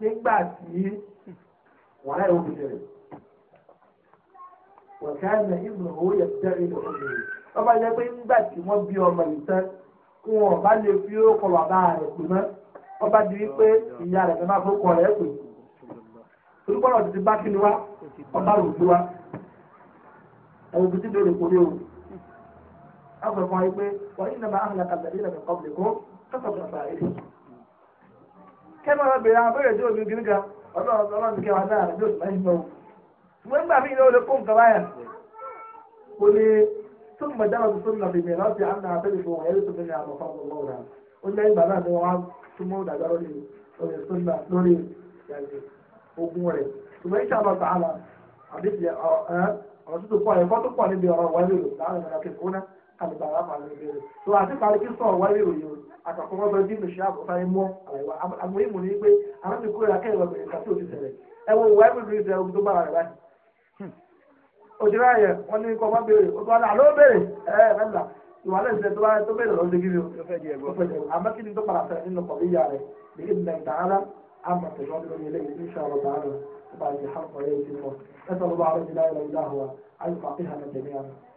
nígbà tí wọ́n láyé òbí rẹ̀ wọ́n ká ẹ̀mẹ̀ ìmọ̀ owó yẹ fẹ́ ilẹ̀ òbí rẹ̀ wọ́n bá yẹ pé nígbà tí wọ́n bí ọmọ yìí tán wọn bá lè fi orúkọ bàbá rẹ̀ pè mọ́ wọ́n bá di wípé ìyá rẹ̀ fẹ́ máa forúkọ rẹ̀ pè orúkọ náà ti ti bá kíni wá wá kẹ́mọ̀rọ̀ bèrè àwọn abẹ́rẹ́ tó obìnrin gírígà ọlọ́run ọlọ́run kẹwà náà ló sì máa ń gbọ́n. ṣùgbọ́n nígbà míì náà ó lè kó nǹkan báyà kò lè tó mọ̀ dára tó sọ́nà bèbè na alùpàrà àmàlù ìbéèrè tó àti kàlùkì sọ̀rọ̀ wáyé òye o aka wọn bẹ ndị mi ṣe àbọ̀fáyé mọ́ àlàyé àmọ́ ìmọ̀ ni pé àwọn ti kúrò akẹ́yìn wọn bẹ̀rẹ̀ kàtó ti tẹ̀lẹ̀ ẹ wọ wọ ẹ̀mí ndị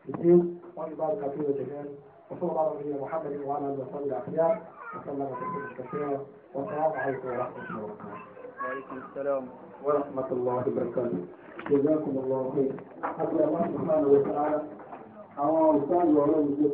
الدين وعباد كثيرة جميعا وصلى الله على محمد وعلى اله وصحبه الاخيار وسلم تسليما كثيرا والسلام عليكم ورحمه الله وبركاته. وعليكم السلام ورحمه الله وبركاته. جزاكم الله خير. حتى الله سبحانه وتعالى àwọn olùsáàlù ọlọ́run